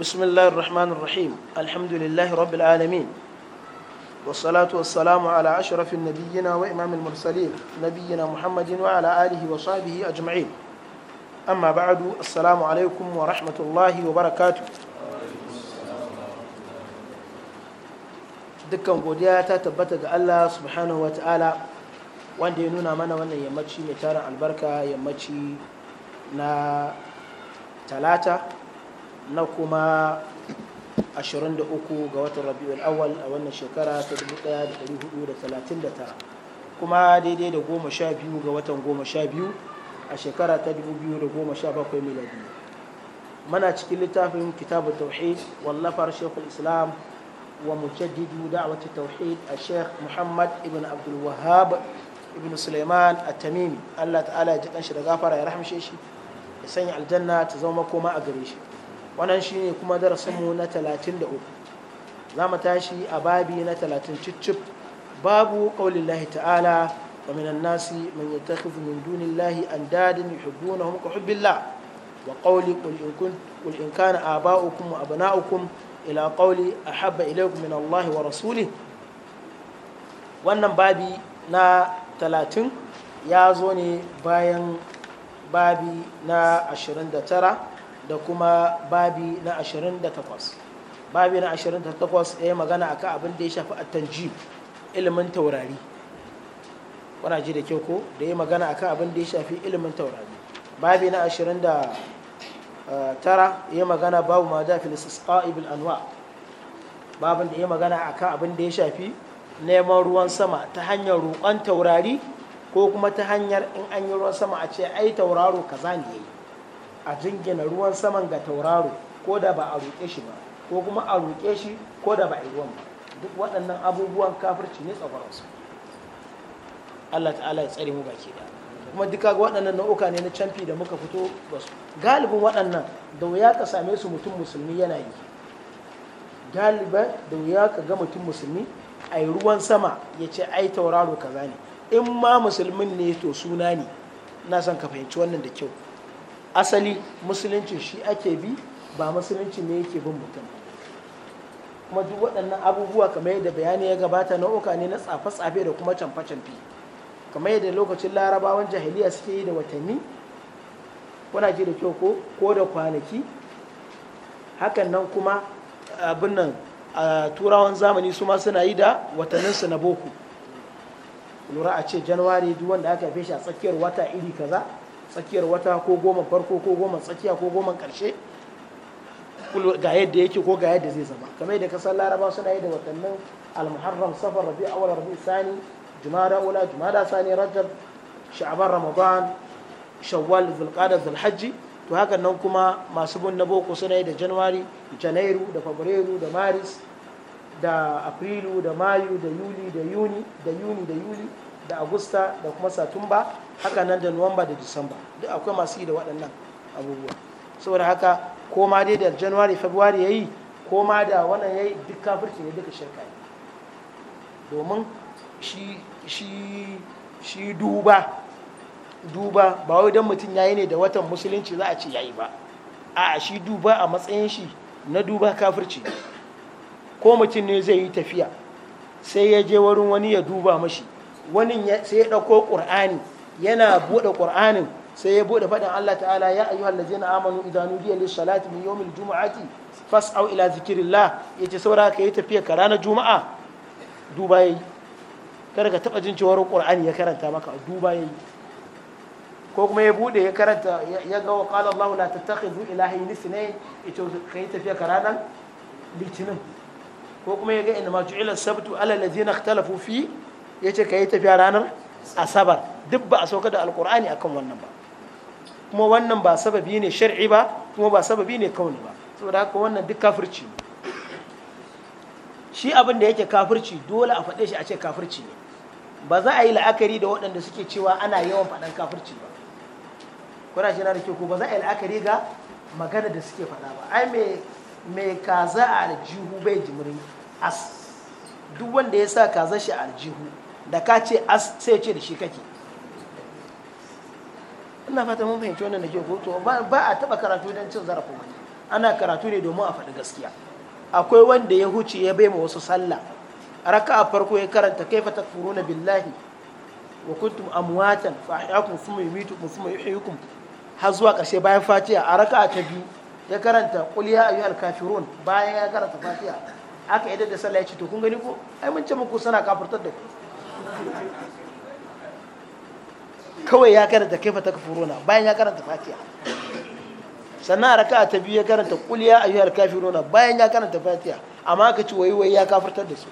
بسم الله الرحمن الرحيم الحمد لله رب العالمين والصلاة والسلام على أشرف النبيين وإمام المرسلين نبينا محمد وعلى آله وصحبه أجمعين أما بعد السلام عليكم ورحمة الله وبركاته dukkan godiya ta tabbata ga Allah subhanahu wa ta'ala wanda ya nuna mana wannan yammaci mai tarin albarka yammaci na talata na kuma 23 ga watan rabi'ul awal a wannan shekara ta 1439 kuma daidai da goma sha biyu ga watan goma sha biyu a shekara ta 2017 miladi mana cikin littafin kitabu tauhid wallafar shekul islam wa mujaddidu da'awati tauhid a sheikh muhammad ibn abdul wahab ibn suleiman a tamimi allah ta'ala ya ji kanshi da gafara ya rahamshe shi ya sanya aljanna ta zama koma a gare shi wannan shine kuma darasinmu na 33 za mu tashi a babi na 30 cicif babu lahi ta'ala wa minan nasi man yattakhidhu min dunillahi andadan yuhibbunahum ka hubbillah wa qawli qul in kuntum qul in kana aba'ukum ila qawli ahabba ilaykum min Allah wa wannan babi na 30 ya zo ne bayan babi na 29 da kuma babi na 28 babi na 28 ya yi magana akan abin da ya shafi attanjib ilimin taurari wana ji da kyau ko da ya yi magana akan abin da ya shafi ilimin taurari babi na 29 ya yi magana babu ma da filisisqa ibil anwa babin da ya yi magana akan abin da ya shafi neman ruwan sama ta hanyar roƙon taurari ko kuma ta hanyar in an yi ruwan sama a ce ai tauraro kaza ne yayi a jingina ruwan saman ga tauraro ko da ba a roƙe shi ba ko kuma a roƙe shi ko da ba a yi ruwan ba duk waɗannan abubuwan kafirci ne tsakwararsu Allah ta'ala ya tsare mu baki da kuma duka waɗannan nau'uka ne na canfi da muka fito ba su galibin waɗannan da wuya ka same su mutum musulmi yana yi galiba da wuya ka ga mutum musulmi a yi ruwan sama ya ce ai tauraro kaza ne in ma musulmin ne to suna ne na son ka fahimci wannan da kyau asali musulunci shi ake bi ba musulunci ne yake bin mutum kuma duk waɗannan abubuwa kamar yadda bayani ya gabata nau'uka ne na tsafe-tsafe da kuma camfe-camfe kamar yadda lokacin larabawan jahiliya suke yi da watanni kuna ji da kyau ko da kwanaki hakan nan kuma abin nan a turawan zamani su ma suna yi da watannin su na boku lura a ce januwari duk wanda aka fi shi a tsakiyar wata iri kaza tsakiyar wata ko goma farko ko goma tsakiya ko goma karshe ga yadda yake ko ga yadda zai zama kamar da kasar laraba suna yi da watannin almuharram safar rabi awal rabi sani jumada ula jumada sani rajab sha'aban ramadan shawwal zulqada zulhajji to hakan nan kuma masu bin na boko suna yi da january janairu da fabrairu da maris da afrilu da mayu da yuli da yuni da yuni da yuli da agusta da kuma satumba haka nan da nuwamba da disamba duk akwai masu yi da waɗannan abubuwa saboda haka ko ma dai da january february ya yi ko ma da wannan ya yi duk kafirci ne duka shirka ne domin shi duba duba ba wai don mutum ya yi ne da watan musulunci za a ce ya yi ba a shi duba a matsayin shi na duba kafirci ko mutum ne zai yi tafiya sai ya je wurin wani ya duba mashi wani sai ya ɗauko ƙur'ani yana buɗe ƙur'anin sai ya buɗe faɗin Allah ta'ala ya ayyuhal ladzina amanu idan nudiya lis salati min yawmil jumu'ati fas'au ila zikrillah yace saura ka yi tafiya ka ranar juma'a duba yayi kada ka taba jin cewar qur'ani ya karanta maka duba yayi ko kuma ya bude ya karanta ya ga qala Allah la tattakhidhu ilahayn ithnayn yace ka yi tafiya ka ranar litinin ko kuma ya ga inna ma ju'ila sabtu ala ladzina ikhtalafu fi ya ce ka yi tafiya ranar asabar duk ba a sauka da alkur'ani akan wannan ba kuma wannan ba sababi ne shar'i ba kuma ba sababi ne kauni ba saboda haka wannan duk kafirci ne shi abin da yake kafirci dole a faɗe shi a ce kafirci ne ba za a yi la'akari da waɗanda suke cewa ana yawan faɗan kafirci ba kuna shi na da ko ba za a yi la'akari ga magana da suke faɗa ba ai mai mai kaza a aljihu bai jimirin as duk wanda ya sa kaza shi a aljihu da ka ce as sai ce da shi kake ina fata mun fahimci wannan da ke ko ba a taba karatu don cin zarafi wani ana karatu ne domin a faɗi gaskiya akwai wanda ya huce ya bai ma wasu sallah raka a farko ya karanta kaifa furuna billahi wa kuntum amwatan fa ahyakum thumma yumitukum thumma yuhyikum har zuwa ƙarshe bayan fatiha a raka ta biyu ya karanta qul ya ayyuhal kafirun bayan ya karanta fatiha aka yadda da sallah ya ce to kun gani ko ai mun ce muku sana kafirtar da ku kawai ya karanta kaifa takfuruna bayan ya karanta fatiha sannan raka ta biyu ya karanta a ya ayyuhal rona bayan ya karanta fatiha amma ka ci wai wai ya kafartar da su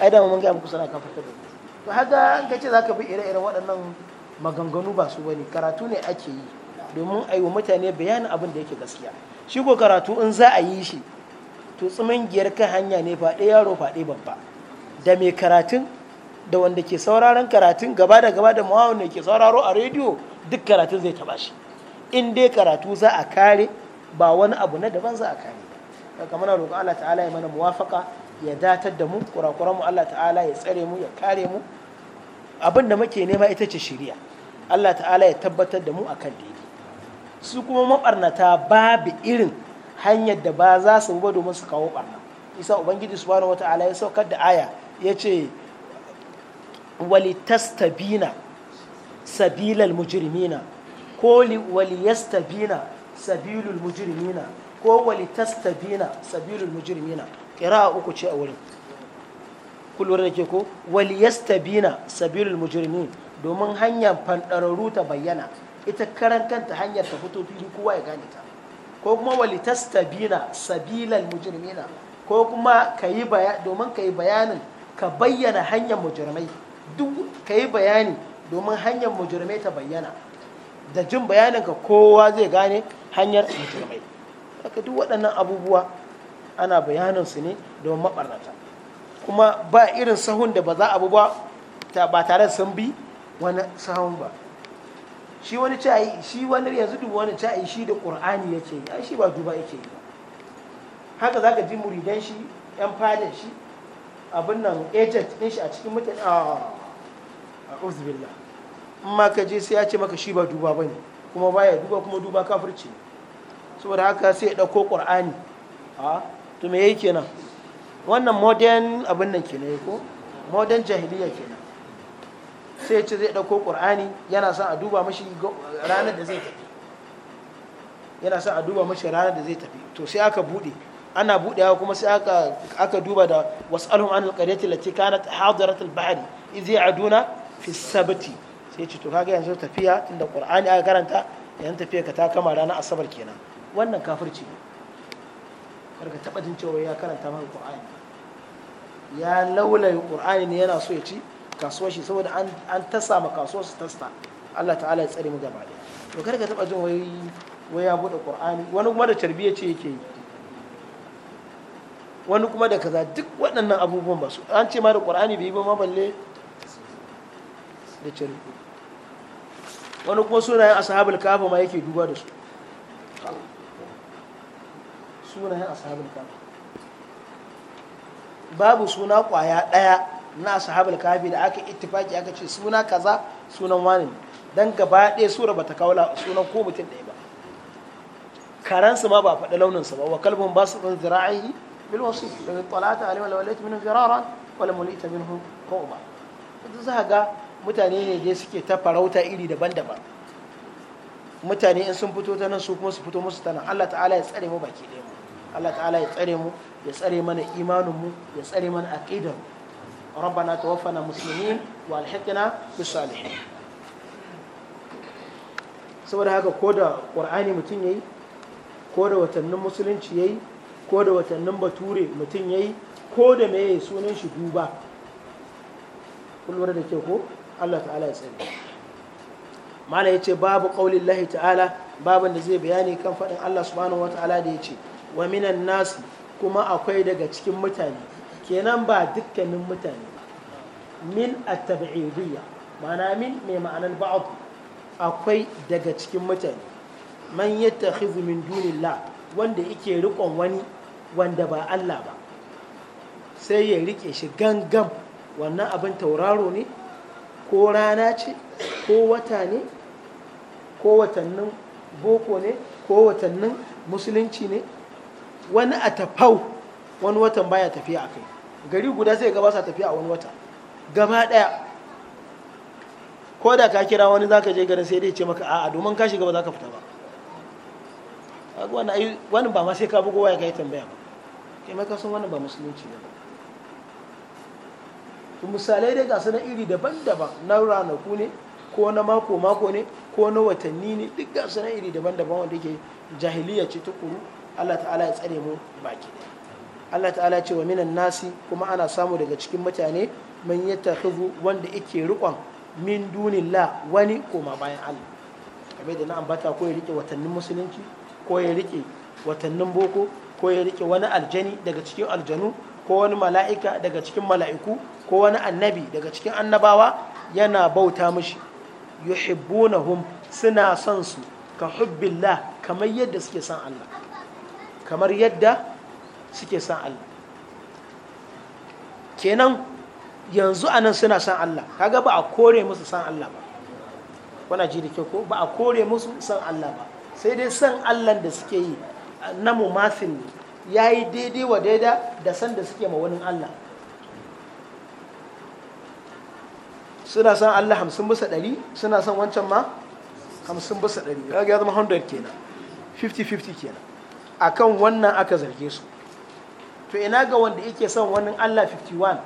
ai da mun ga muku sana kafartar da su to haka an kace ce zaka bi ire-iren waɗannan maganganu ba su bane karatu ne ake yi domin a yi wa mutane bayanin abin da yake gaskiya shi ko karatu in za a yi shi to giyar kan hanya ne faɗe yaro faɗe babba da mai karatun da wanda ke sauraron karatun gaba da gaba da muhawar da ke sauraro a rediyo duk karatun zai taba shi in dai karatu za a kare ba wani abu na daban za a kare daga mana roƙon Allah ta'ala ya mana muwafaka ya datar da mu kurakuran mu Allah ta'ala ya tsare mu ya kare mu abin da muke nema ita ce shari'a Allah ta'ala ya tabbatar da mu akan daidai su kuma mabarnata babu irin hanyar da ba za su ba domin su kawo barna isa ubangiji subhanahu wata'ala ya saukar da aya ya ce walitastabina sabilal mujrimina ko waliyastabina sabilul mujrimina ko walitastabina sabilul mujrimina qira'a uku ce a wurin kullum da ke ko waliyastabina sabilul mujrimin domin hanyar fanɗararru ta bayyana ita karan kanta hanyar ta fito fili kowa ya gane ta ko kuma walitastabina sabilal mujrimina ko kuma domin ka yi bayanin ka bayyana hanyar mujrimai duk ka yi bayani domin hanyar mujirmai ta bayyana da jin bayaninka kowa zai gane hanyar mujirmai haka duk waɗannan abubuwa ana bayanin su ne domin maɓarnata kuma ba irin sahun da ba za abubuwa ba ba tare da sun bi wani sahun ba shi wani cayi shi wani yanzu duba wani cayi shi da ƙur'ani yake yi ai shi ba duba yake yi haka za ka ji muridan shi yan fadin shi abin nan agent ɗin shi a cikin mutane ah, a'udhu amma in ka je sai ya ce maka shi ba duba bane kuma baya duba kuma duba kafirci ne saboda haka sai ya dauko qur'ani a to me yake kenan wannan modern abin nan kenan ko modern jahiliya kenan sai ya ce zai dauko qur'ani yana son a duba mashi ranar da zai tafi yana son a duba mashi ranar da zai tafi to sai aka bude ana budewa kuma sai aka aka duba da was'alhum anil qaryati allati kanat hadirat al-bahr idh ya'duna fi sabati sai ce to kaga yanzu tafiya inda qur'ani aka karanta yanzu tafiya ka ta kama ranar asabar kenan wannan kafirci ne karka taba jin cewa ya karanta maka qur'ani ya laulaye qur'ani ne yana so ya ci kasuwar shi saboda an tasa ma kasuwar su tasta Allah ta'ala ya tsare mu gaba da to karka taba jin wai wai ya bude qur'ani wani kuma da tarbiyya ce yake yi wani kuma da kaza duk waɗannan abubuwan ba su an ce ma da qur'ani bai yi ba ma balle da cire wani kuma sunayen ashabul kafa ma yake duba da su sunayen ashabul kafa babu suna kwaya daya na ashabul kafi da aka ittifaki aka ce suna kaza sunan wani dan gaba ɗaya sura bata kawo sunan ko mutum ɗaya ba karansu ma ba faɗi launinsa ba wa kalbun ba su ɗin zira'ayi bil wasu daga talata alaihi wa lailati min firaran wal mulita minhu ko ba za ga mutane ne dai suke ta farauta iri daban-daban mutane in sun fito ta nan su kuma su fito musu ta nan Allah ta'ala ya tsare mu baki ɗaya mu Allah ta'ala ya tsare mu ya tsare mana imanin mu ya tsare mana aqidar mu muslimin توفنا مسلمين bis salihin saboda haka ko da ƙur'ani mutum ya yi ko da watannin musulunci ya yi ko da watannin bature mutum yayi yi ko da ya sunan shi duba kullum da ke ko Allah ta'ala ya ce mala babu qaulin lahi ta'ala babu da zai bayani kan faɗin Allah subhanahu wata'ala da ya wa minan nasu kuma akwai daga cikin mutane kenan ba dukkanin mutane min at-tab'idiyya ma'ana min mai ma'anar ba'd akwai daga cikin mutane man yattakhidhu min dunillah wanda yake rikon wani wanda ba Allah ba sai ya rike shi gangan wannan abin tauraro ne ko rana ce ko wata ne ko watannin boko ne ko watannin musulunci ne wani a tafau wani watan baya tafiya a kai gari guda zai gaba sa tafiya a wani wata Gama daya ko da ka kira wani zaka je garin sai dai ce maka a'a domin kashi gaba za ka fita ba wani ba ma sai ka bugowa ya ka yi tambaya ba kai mai kasan wani ba musulunci ne ba misalai dai gasu na iri daban-daban na ranaku ne ko na mako-mako ne ko na watanni ne duk gasu na iri daban-daban wanda ke jahiliya ce tukuru Allah ta'ala ya tsare mu baki Allah ta'ala ce wa minan nasi kuma ana samu daga cikin mutane man yattakhidhu wanda yake rikon min dunilla wani koma bayan Allah kamar da na ambata ko ya rike watannin musulunci ko ya rike watannin boko ko ya rike wani aljani daga cikin aljanu ko wani mala'ika daga cikin mala'iku ko wani annabi daga cikin annabawa yana bauta mishi yuhibbunahum suna son su ka hubbillah kamar yadda suke son Allah kamar yadda suke son Allah kenan yanzu anan suna son Allah kaga ba a kore musu son Allah ba wana ji da kyau ko ba a kore musu son Allah ba sai dai son Allah da suke yi na mumasin ne ya yi daidai wa daida da san da suke ma wani Allah suna son Allah hamsin bisa ɗari suna son wancan ma hamsin bisa ɗari ya ga zama 100 kenan 50-50 kenan a kan wannan aka zarge su to ina ga wanda yake son wannan Allah 51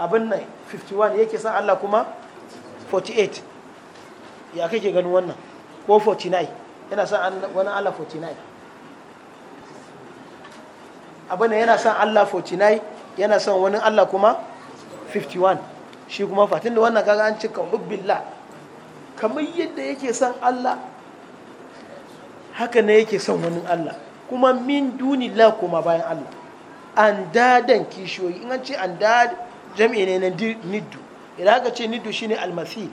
abin nan 51 yake son Allah kuma 48 ya kake ganin wannan ko 49 yana son wani Allah 49 abin yana son Allah 49 yana son wani Allah kuma 51 shi kuma fatin da wannan kaga an cika hubbilla kamar yadda yake son Allah haka ne yake son wani Allah kuma min duni la kuma bayan Allah an dadan kishiyoyi in an ce an dad jami'i ne na niddu idan aka ce niddu shine almasi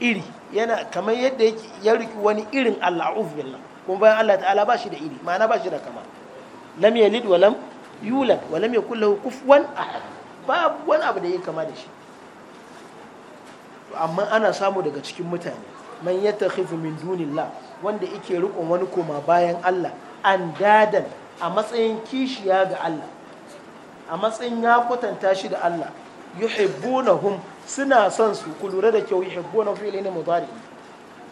iri yana kamar yadda yake ya riki wani irin Allah a'udhu kuma bayan Allah ta'ala ba shi da iri ma'ana ba shi da kama lam yalid wa lam yulad wa lam yakul lahu kufuwan ahad babu wani abu da ya kama da shi amma ana samu daga cikin mutane man tafi min dunillah wanda yake rikon wani koma bayan Allah an dadan a matsayin kishiya ga Allah a matsayin ya kwatanta shi da Allah yuhibbunahum suna son su ku lura da kyau yuhibbuna fi'li ne mudari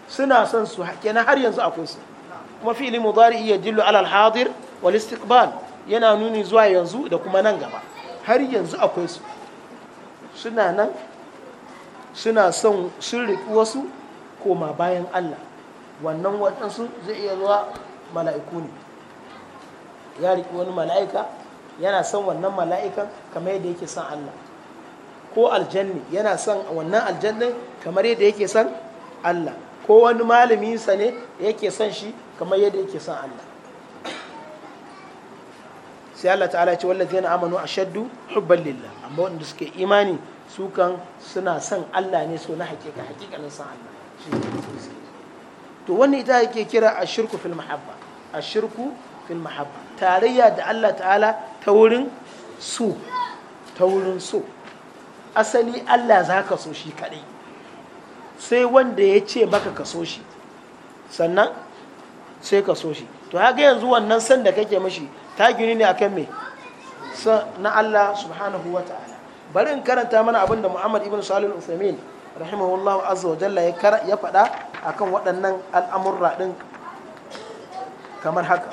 suna son su kenan har yanzu akwai su kuma fi'li mudari ya dillu alal hadir wal istiqbal yana nuni zuwa yanzu da kuma nan gaba har yanzu akwai su suna nan suna son sun riƙi wasu koma bayan Allah wannan waɗansu zai iya zuwa mala'iku ne ya riƙi wani mala'ika yana son wannan mala'ikan kamar yadda yake son Allah ko aljanni yana son wannan aljannin kamar yadda yake son Allah ko wani malaminsa ne yake son shi kamar yadda yake son Allah sai Allah ta'ala ce wallazina amanu ashaddu hubban lillah amma wanda suke imani su kan suna son Allah ne so na hakika hakikanin san Allah shi to wani ita yake kira ashirku fil mahabba ashirku fil mahabba tarayya da Allah ta'ala ta wurin su ta wurin so asali Allah za ka so shi kadai sai wanda ya ce maka ka so shi sannan sai ka so shi to haka yanzu wannan san da kake mashi ta gini ne akan me na Allah subhanahu wa ta'ala bari in karanta mana abin da muhammad ibn salih al-uthamin rahimahullah azza wa jalla ya faɗa akan waɗannan al'amurra ɗin kamar haka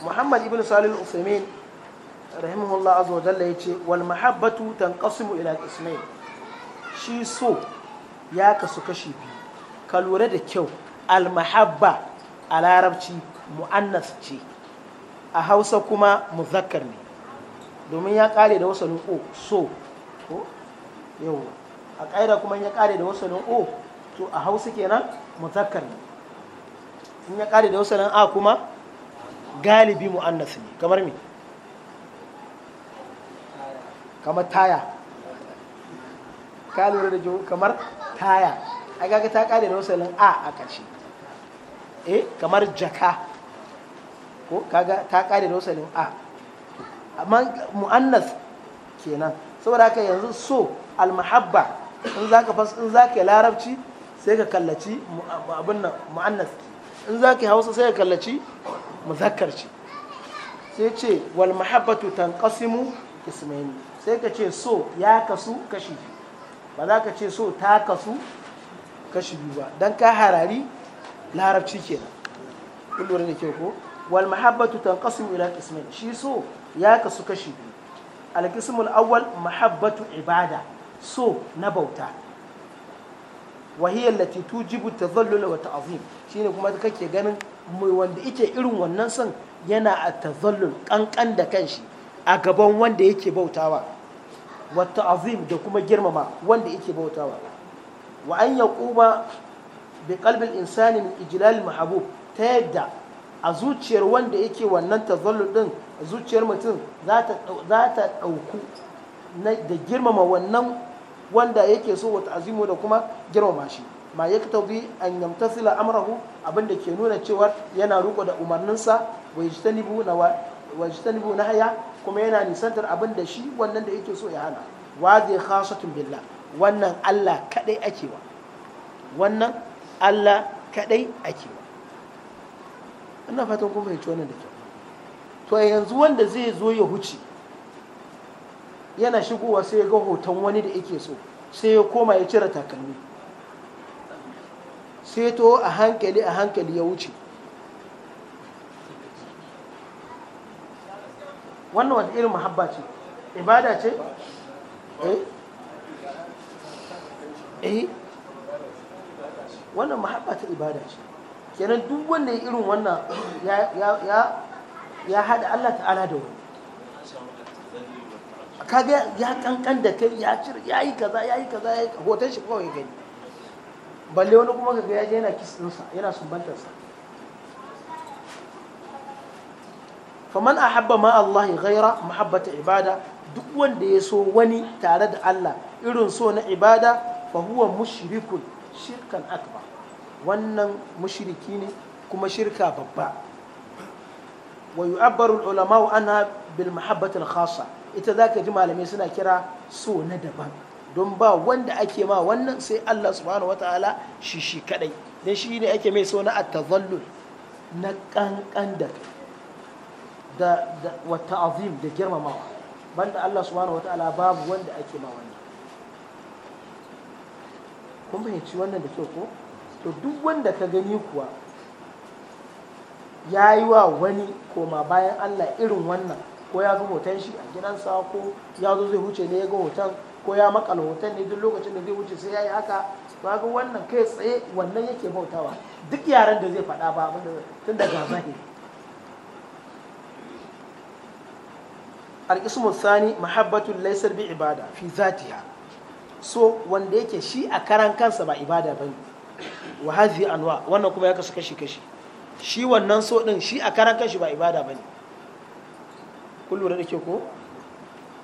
muhammad ibn salih al-uthamin rahimahullah azza wa jalla ya ce wal mahabbatu tanqasimu ila qismain shi so ya kasu kashi biyu ka lura da kyau al mahabba a larabci mu'annas ce a hausa kuma muzakkar ne domin ya kare da wasalin o so ko yau a ƙaida kuma ya kare da wasalin o to a hausa kenan muzakkar ne in ya kare da wasalin a kuma galibi mu'annas ne kamar me kamar taya ka lura da jihu kamar taya a kaga ta kare da wasalin a a ƙarshe eh kamar jaka ko kaga ta kare da wasu a amma mu'annas kenan saboda haka yanzu so almahabba in zaka fas in za yi larabci sai ka kallaci abin nan mu'annas in za yi hausa sai ka kallaci muzakkar ce sai ce wal mahabbatu tanqasimu ismaini sai ka ce so ya kasu kashi ba za ka ce so ta kasu kashi biyu ba don ka harari larabci kenan kullum da ke ko wal mahabbatu tanqasimu ila qismain shi so ya kasu kashi biyu al qismul mahabbatu ibada so na bauta wa hiya allati tujibu tadhallul wa ta'zim shine kuma kake ganin mai wanda yake irin wannan son yana a tazallul kankan da kanshi a gaban wanda yake bautawa wa ta'zim da kuma girmama wanda yake bautawa wa an yaquma bi qalbi al-insani min ta yadda a zuciyar wanda yake wannan tazallul din zuciyar mutum za ta ɗauku da girmama wannan wanda yake so wata azimu da kuma girmama shi ma ya bi an yamtasila amrahu abinda ke nuna cewa yana riko da umarninsa wa yajtanibu na na haya kuma yana nisantar abin da shi wannan da yake so ya hana wa zai khasatun billah wannan Allah kadai ake wannan Allah kadai ake ina fatan ya ci wannan da kyau to yanzu wanda zai zo ya huce yana shigowa sai ya ga hoton wani da yake so sai ya koma ya cire takalmi sai to a hankali a hankali ya wuce wannan wata irin muhabba ce ibada ce eh, eh? wannan muhabba ta ibada ce kenan duk wanda ya irin wannan ya haɗa Allah ta'ala da wani kaga ya kankan da kai ya cire ya yi kaza ya yi kaza ya yi hoton shi kawai gani balle wani kuma kaga ya je yana kisinsa yana sumbantarsa faman Habba ma Allah ya ghaira muhabbata ibada duk wanda ya so wani tare da Allah irin so na ibada fa huwa mushrikun shirkan akbar wannan mushiriki ne kuma shirka babba wa yu'abbaru ulama'u anha bil mahabbati al khassa ita zaka ji malamai suna kira so na daban don ba wanda ake ma wannan sai Allah subhanahu wataala shi shi kadai dan shi ne ake mai so na at-tadhallul na kankan da da wa ta'zim da girmamawa banda Allah subhanahu wataala babu wanda ake ma wannan kun fahimci wannan da kyau ko to duk wanda ka gani kuwa ya yi wa wani koma bayan Allah irin wannan ko ya ga hoton shi a gidansa ko ya zo zai huce ne ya ga hoton ko ya makala hoton ne duk lokacin da zai huce sai ya yi haka ba ga wannan kai tsaye wannan yake bautawa duk yaran da zai faɗa ba tun daga zahiri sani الثاني laisar bi ibada fi zatiya so wanda yake shi a karan kansa ba ibada bane wa hadhihi anwa wannan kuma ya kasu kashi kashi shi wannan so din shi a karan kanshi ba ibada bane kun lura da ke ko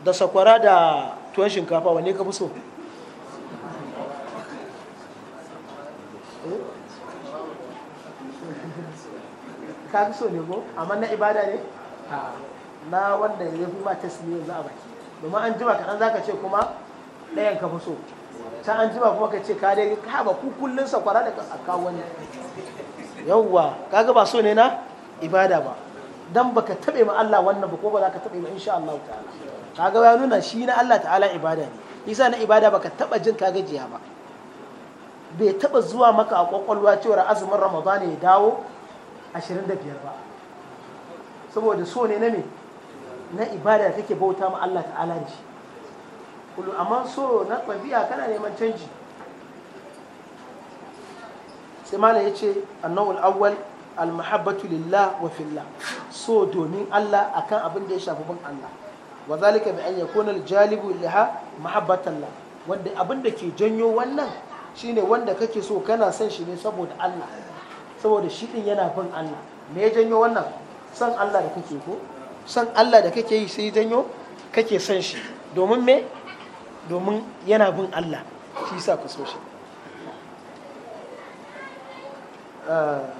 da sakwara da tuwon shinkafa wanne ka fi so eh? ka fi so ne ko amma na ibada ne na wanda ya fi ma tasiri yanzu a baki domin an jima kaɗan za ka ce kuma ɗayan ka fi so ta an jima kuma ka ce ka dai ka ba ku kullun sakwara da kawo wani yawwa kaga ba so ne na ibada ba dan baka tabe ma Allah wannan ba ko ba za ka tabe ma insha Allah ta'ala kaga ya nuna shi na Allah ta'ala ibada ne isa na ibada baka taba jin ka gajiya ba bai taɓa zuwa maka a kwakwalwa cewar azumin Ramadan ya dawo 25 ba saboda so ne na me na ibada take bauta ma Allah ta'ala da shi kullum amma so na ɗabi'a kana neman canji sai malam ya ce annawul awwal almahabbatu lillah wa fillah so domin Allah akan abin da ya shafi bin Allah wa zalika bi an yakuna aljalibu liha mahabbatan la wanda abin da ke janyo wannan shine wanda kake so kana son shi ne saboda Allah saboda shi din yana bin Allah me ya janyo wannan son Allah da kake ko son Allah da kake yi sai janyo kake son shi domin me domin yana bin Allah shi sa ku so shi ah,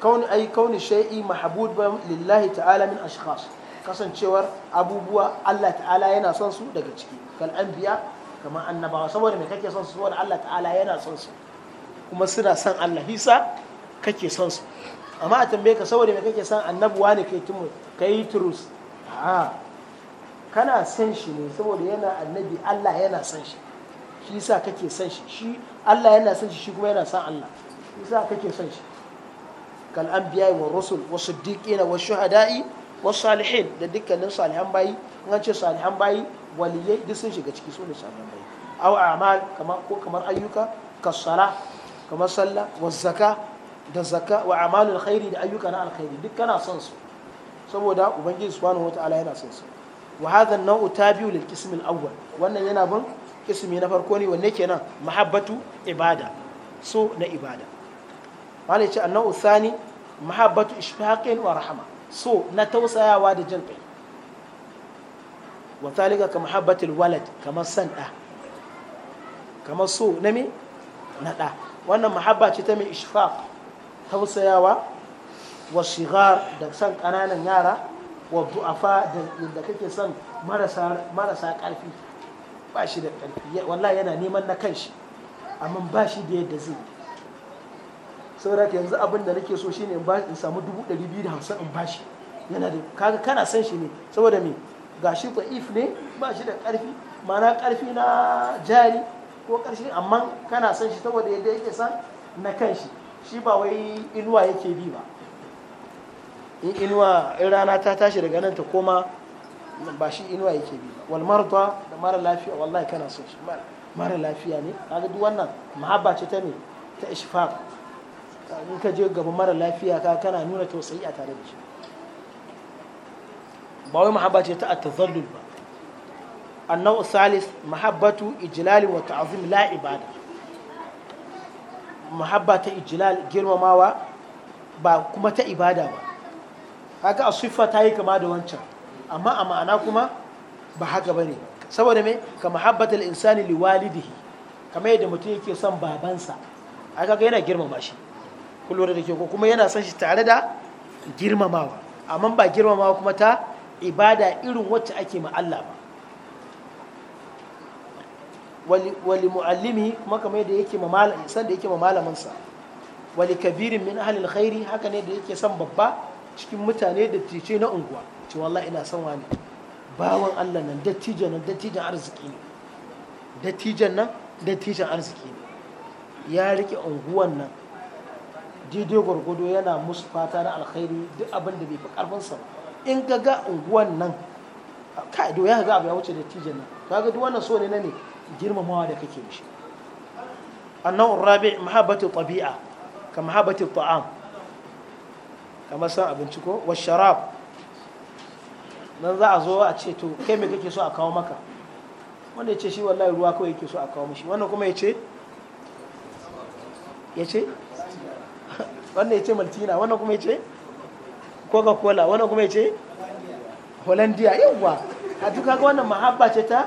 kauni ai kauni shay'i mahbud lillahi ta'ala min ashkhas kasancewar abubuwa Allah ta'ala yana son su daga ciki kal anbiya kamar annabawa saboda me kake son su saboda Allah ta'ala yana son su kuma suna son Allah hisa kake son su amma a tambaye ka saboda me kake son annabuwa ne kai tumu kai turus a'a ah, kana son shi ne saboda yana annabi Allah yana son shi shi yasa kake son shi shi Allah yana son shi shi kuma yana san Allah shi yasa kake son shi kal anbiya wa rusul wa siddiqina wa shuhada'i wa salihin da dukkanin salihan bayi in an ce salihan bayi waliyai duk sun shiga ciki su ne salihan bayi aw a'mal kamar ko kamar ayyuka kasala kamar sallah wa zakka da zakka wa a'malul khairi da ayyuka na alkhairi duk kana son su saboda ubangiji subhanahu wataala yana son su wa hadha an-naw'u tabi'u lil qism al-awwal wannan yana bin kismi na farko ne wanne kenan mahabbatu ibada so na ibada malai ce an-naw'u thani mahabbatu ishfaqin wa rahama so na tausayawa da jin kai wa thalika ka mahabbatul walad kamar san da kamar so na me na da wannan mahabba ce ta mai ishfaq tausayawa wa shigar da san kananan yara wa du'afa da yadda kake son marasa ƙarfi ba shi da karfi wallahi yana neman na kanshi amma ba shi da yadda zai saboda yanzu abin da nake so shine in samu dubu ɗari biyu da hamsin in ba shi yana da kaga kana san shi ne saboda me ga shi if ne ba shi da ƙarfi ma'ana ƙarfi na jari ko karshe amma kana san shi saboda yadda yake san na kanshi shi ba wai inuwa yake bi ba in inuwa in rana ta tashi daga nan ta koma ba shi inuwa yake bi wal marda da mara lafiya wallahi kana so shi mara lafiya ne kaga duk wannan mahabba ce ta ne ta ishfaq in ka je gaba mara lafiya ka kana nuna tausayi a tare da shi ba wai mahabba ce ta at-tazallul ba annau salis mahabbatu ijlal wa ta'zim la ibada mahabba ta ijlal girmamawa ba kuma ta ibada ba haka a siffa ta yi kama da wancan amma a ma'ana kuma ba haka ba ne saboda me ka mahabbatal insani li walidihi kamar yadda mutum yake son babansa aka ga yana girmama shi kullum da ke ko kuma yana son shi tare da girmamawa amma ba girmamawa kuma ta ibada irin wacce ake ma Allah ba wali mu'allimi kuma kamar yadda yake ma san da yake wali kabirin min halin khairi haka ne da yake son babba cikin mutane da tice na unguwa ce wallahi ina son wani bawan Allah nan dattijan nan dattijan arziki ne dattijan nan dattijan arziki ne ya rike unguwan nan daidai gwargwado yana musu fata na alkhairi duk abin da bai fi karfin sa in ga ga unguwan nan ka do ya ga abu ya wuce dattijan nan kaga duk wannan so ne na ne girmamawa da kake mishi annan rabi mahabbatu tabi'a ka mahabbatu ta'am kamar san abinci ko wa sharab nan za a zo a ce to kai me kake so a kawo maka wanda ya ce shi wallahi ruwa kawai yake so a kawo mishi wannan kuma ya ce ya ce wannan ya ce maltina wannan kuma ya ce coca cola wannan kuma ya ce hollandia yawwa a duka ga wannan mahabba ce ta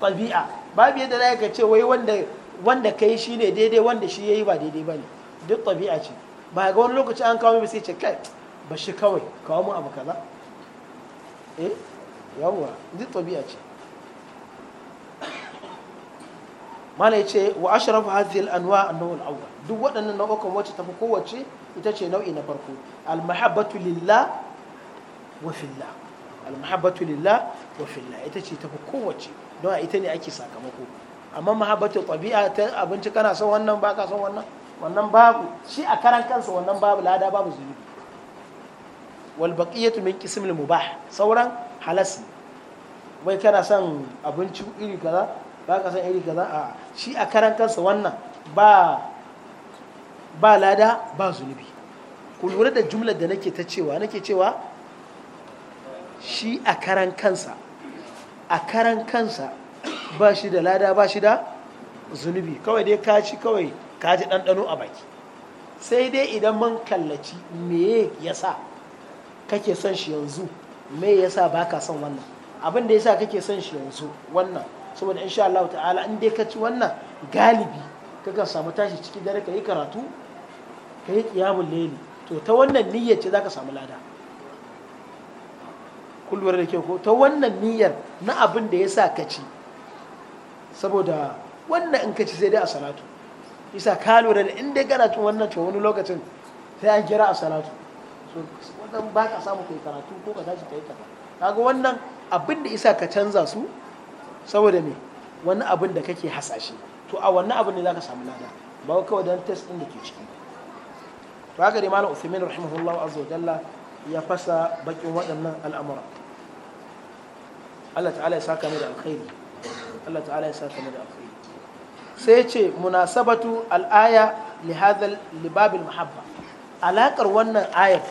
ɗabi'a babu yadda za ka ce wai wanda kai shi ne daidai wanda shi ya yi ba daidai ba ne duk ɗabi'a ce ba ga wani lokaci an kawo mai sai ce kai ba shi kawai kawo mu abu kaza eh yawwa duk tabi'a ce mala ya ce wa ashrafu hadhihi al-anwa an-naw al-awwal duk waɗannan nau'ukan wacce tafi kowace ita ce nau'i na farko al-mahabbatu lillah wa fillah al-mahabbatu lillah wa fillah ita ce tafi kowace don ita ne ake sakamako amma mahabbatu tabi'a ta abinci kana son wannan ba ka son wannan wannan babu shi a karan kansa wannan babu lada babu zunubi wal baqiyatu min qism al mubah sauran halas wai kana son abinci iri kaza ba ka san iri kaza a shi a karan kansa wannan ba ba lada ba zunubi ku lura da jumlar da nake ta cewa nake cewa shi a karan kansa a karan kansa ba shi da lada ba shi da zunubi kawai dai ka ci kawai ka ji ɗanɗano a baki sai dai idan man kallaci me yasa kake son shi yanzu me yasa baka son wannan abin da ya sa kake son shi yanzu wannan saboda sha Allah ta'ala in dai ka ci wannan galibi kakan samu tashi cikin dare ka yi karatu ka yi kiyamun leli to ta wannan niyyar ce za ka samu lada kulwar da ke ko ta wannan niyyar na abin da ya sa ka ci saboda wannan in ka ci sai dai a salatu isa ka lura da inda karatu wannan to wani lokacin sai an kira a salatu so wannan ba ka samu kai karatu ko ka tashi kai kaza kaga wannan abin da isa ka canza su saboda me wani abin da kake hasashe to a wannan abin ne zaka samu lada ba kawai dan test din da ke ciki to haka dai malam Uthaymeen rahimahullahu azza wa jalla ya fasa bakin waɗannan al'amura Allah ta'ala ya saka mu da alkhairi Allah ta'ala ya saka mu da alkhairi sai ce munasabatu al'aya li hadhal libabil muhabba alakar wannan ayar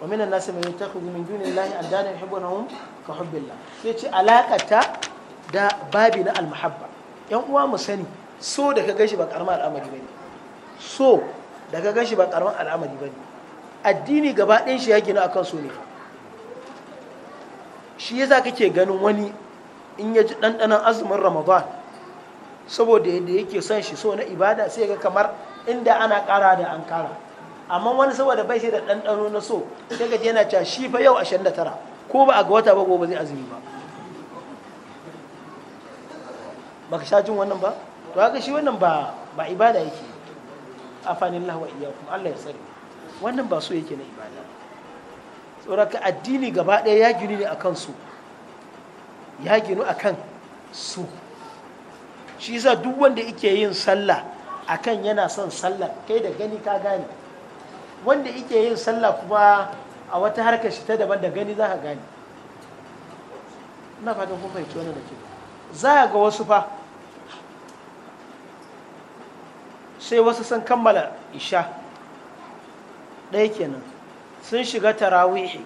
wa minan nasi mai yatakhudhu min dunillahi andadan yuhibbunahum ka hubbillah sai ce alakata da babi na almuhabba yan uwa mu sani so da ka gashi ba karamar al'amari bane so da ka gashi ba karamar al'amari addini gaba ɗayan shi ya gina akan so ne fa shi yasa kake ganin wani in ya ji ɗanɗanon azumin ramadan saboda yadda yake son shi so na ibada sai ga kamar inda ana kara da an kara amma wani saboda bai shi da ɗanɗano na so sai ga yana cewa shi fa yau 29 ko ba a ga wata ba gobe zai azumi ba ba sha jin wannan ba to haka shi wannan ba ba ibada yake afanillah iya kuma Allah ya tsare wannan ba so yake na ibada tsoraka addini gaba ɗaya ya gini ne akan su ya ginu akan su shi za duk wanda yake yin sallah akan yana son sallah kai da gani ka gane wanda yake yin sallah kuma a wata harkar shi ta daban da gani za ka gane na fata kuma fahimci wani da ke za ga wasu fa sai wasu sun kammala isha ɗaya kenan sun shiga tarawihi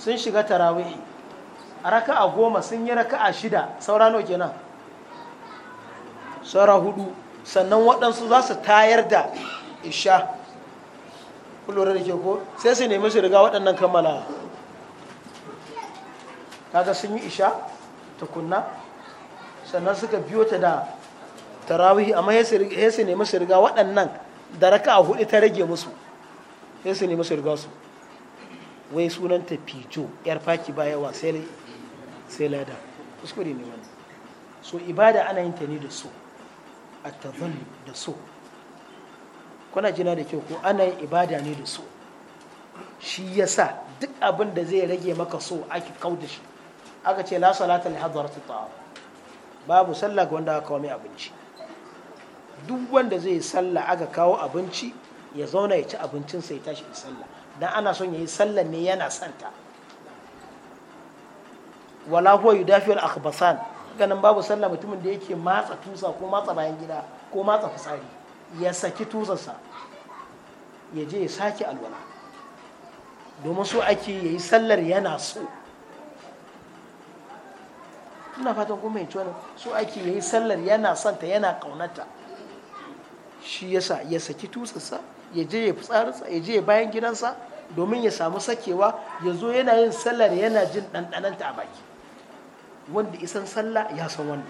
sun shiga tarawihi a goma sun yi raka a shida saura nawa kenan saura hudu sannan waɗansu za su tayar da isha kulura da ke ko sai su nemi su riga waɗannan kammala kaga sun yi isha ta kunna sannan suka biyo ta da tarawihi amma sai su nemi su riga waɗannan da raka a hudu ta rage musu sai su nemi su riga su wai sunanta fijo yar faki baya yawa sai sai lada kuskure ne wani so ibada ana yin ta ne da so a da so kuna jina da kyau ko ana yin ibada ne da so shi ya sa duk abin da zai rage maka so ake kauda shi aka ce la salata li hadarati ta'am babu sallah ga wanda aka kawo mai abinci duk wanda zai sallah aka kawo abinci ya zauna ya ci abincinsa ya tashi ya sallah dan ana son ya yi sallah ne yana santa wala huwa yudafiul akhbasan ganin babu sallah mutumin da yake matsa tusa ko matsa bayan gida ko matsa fitsari ya saki tusarsa ya je ya sake alwala domin so ake ya yi sallar yana so ina fatan kuma ya wannan so ake ya yi sallar yana santa yana kaunata shi yasa ya saki tutsarsa ya je ya fitsararsa ya je bayan gidansa domin ya samu sakewa ya zo yana yin sallar yana jin ɗanɗananta a baki wanda isan sallah ya san wannan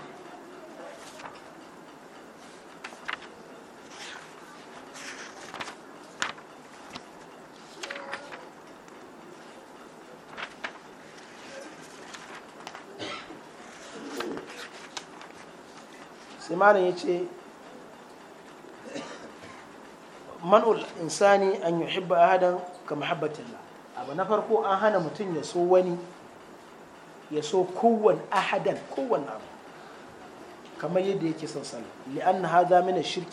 sai malam ya ce man'ul insani an yuhibba ahadan ka muhabbatillah abu na farko an hana mutum ya so wani ya so kowane ahadan kowane abu kamar yadda yake son sallah li'anna hadha min ash-shirk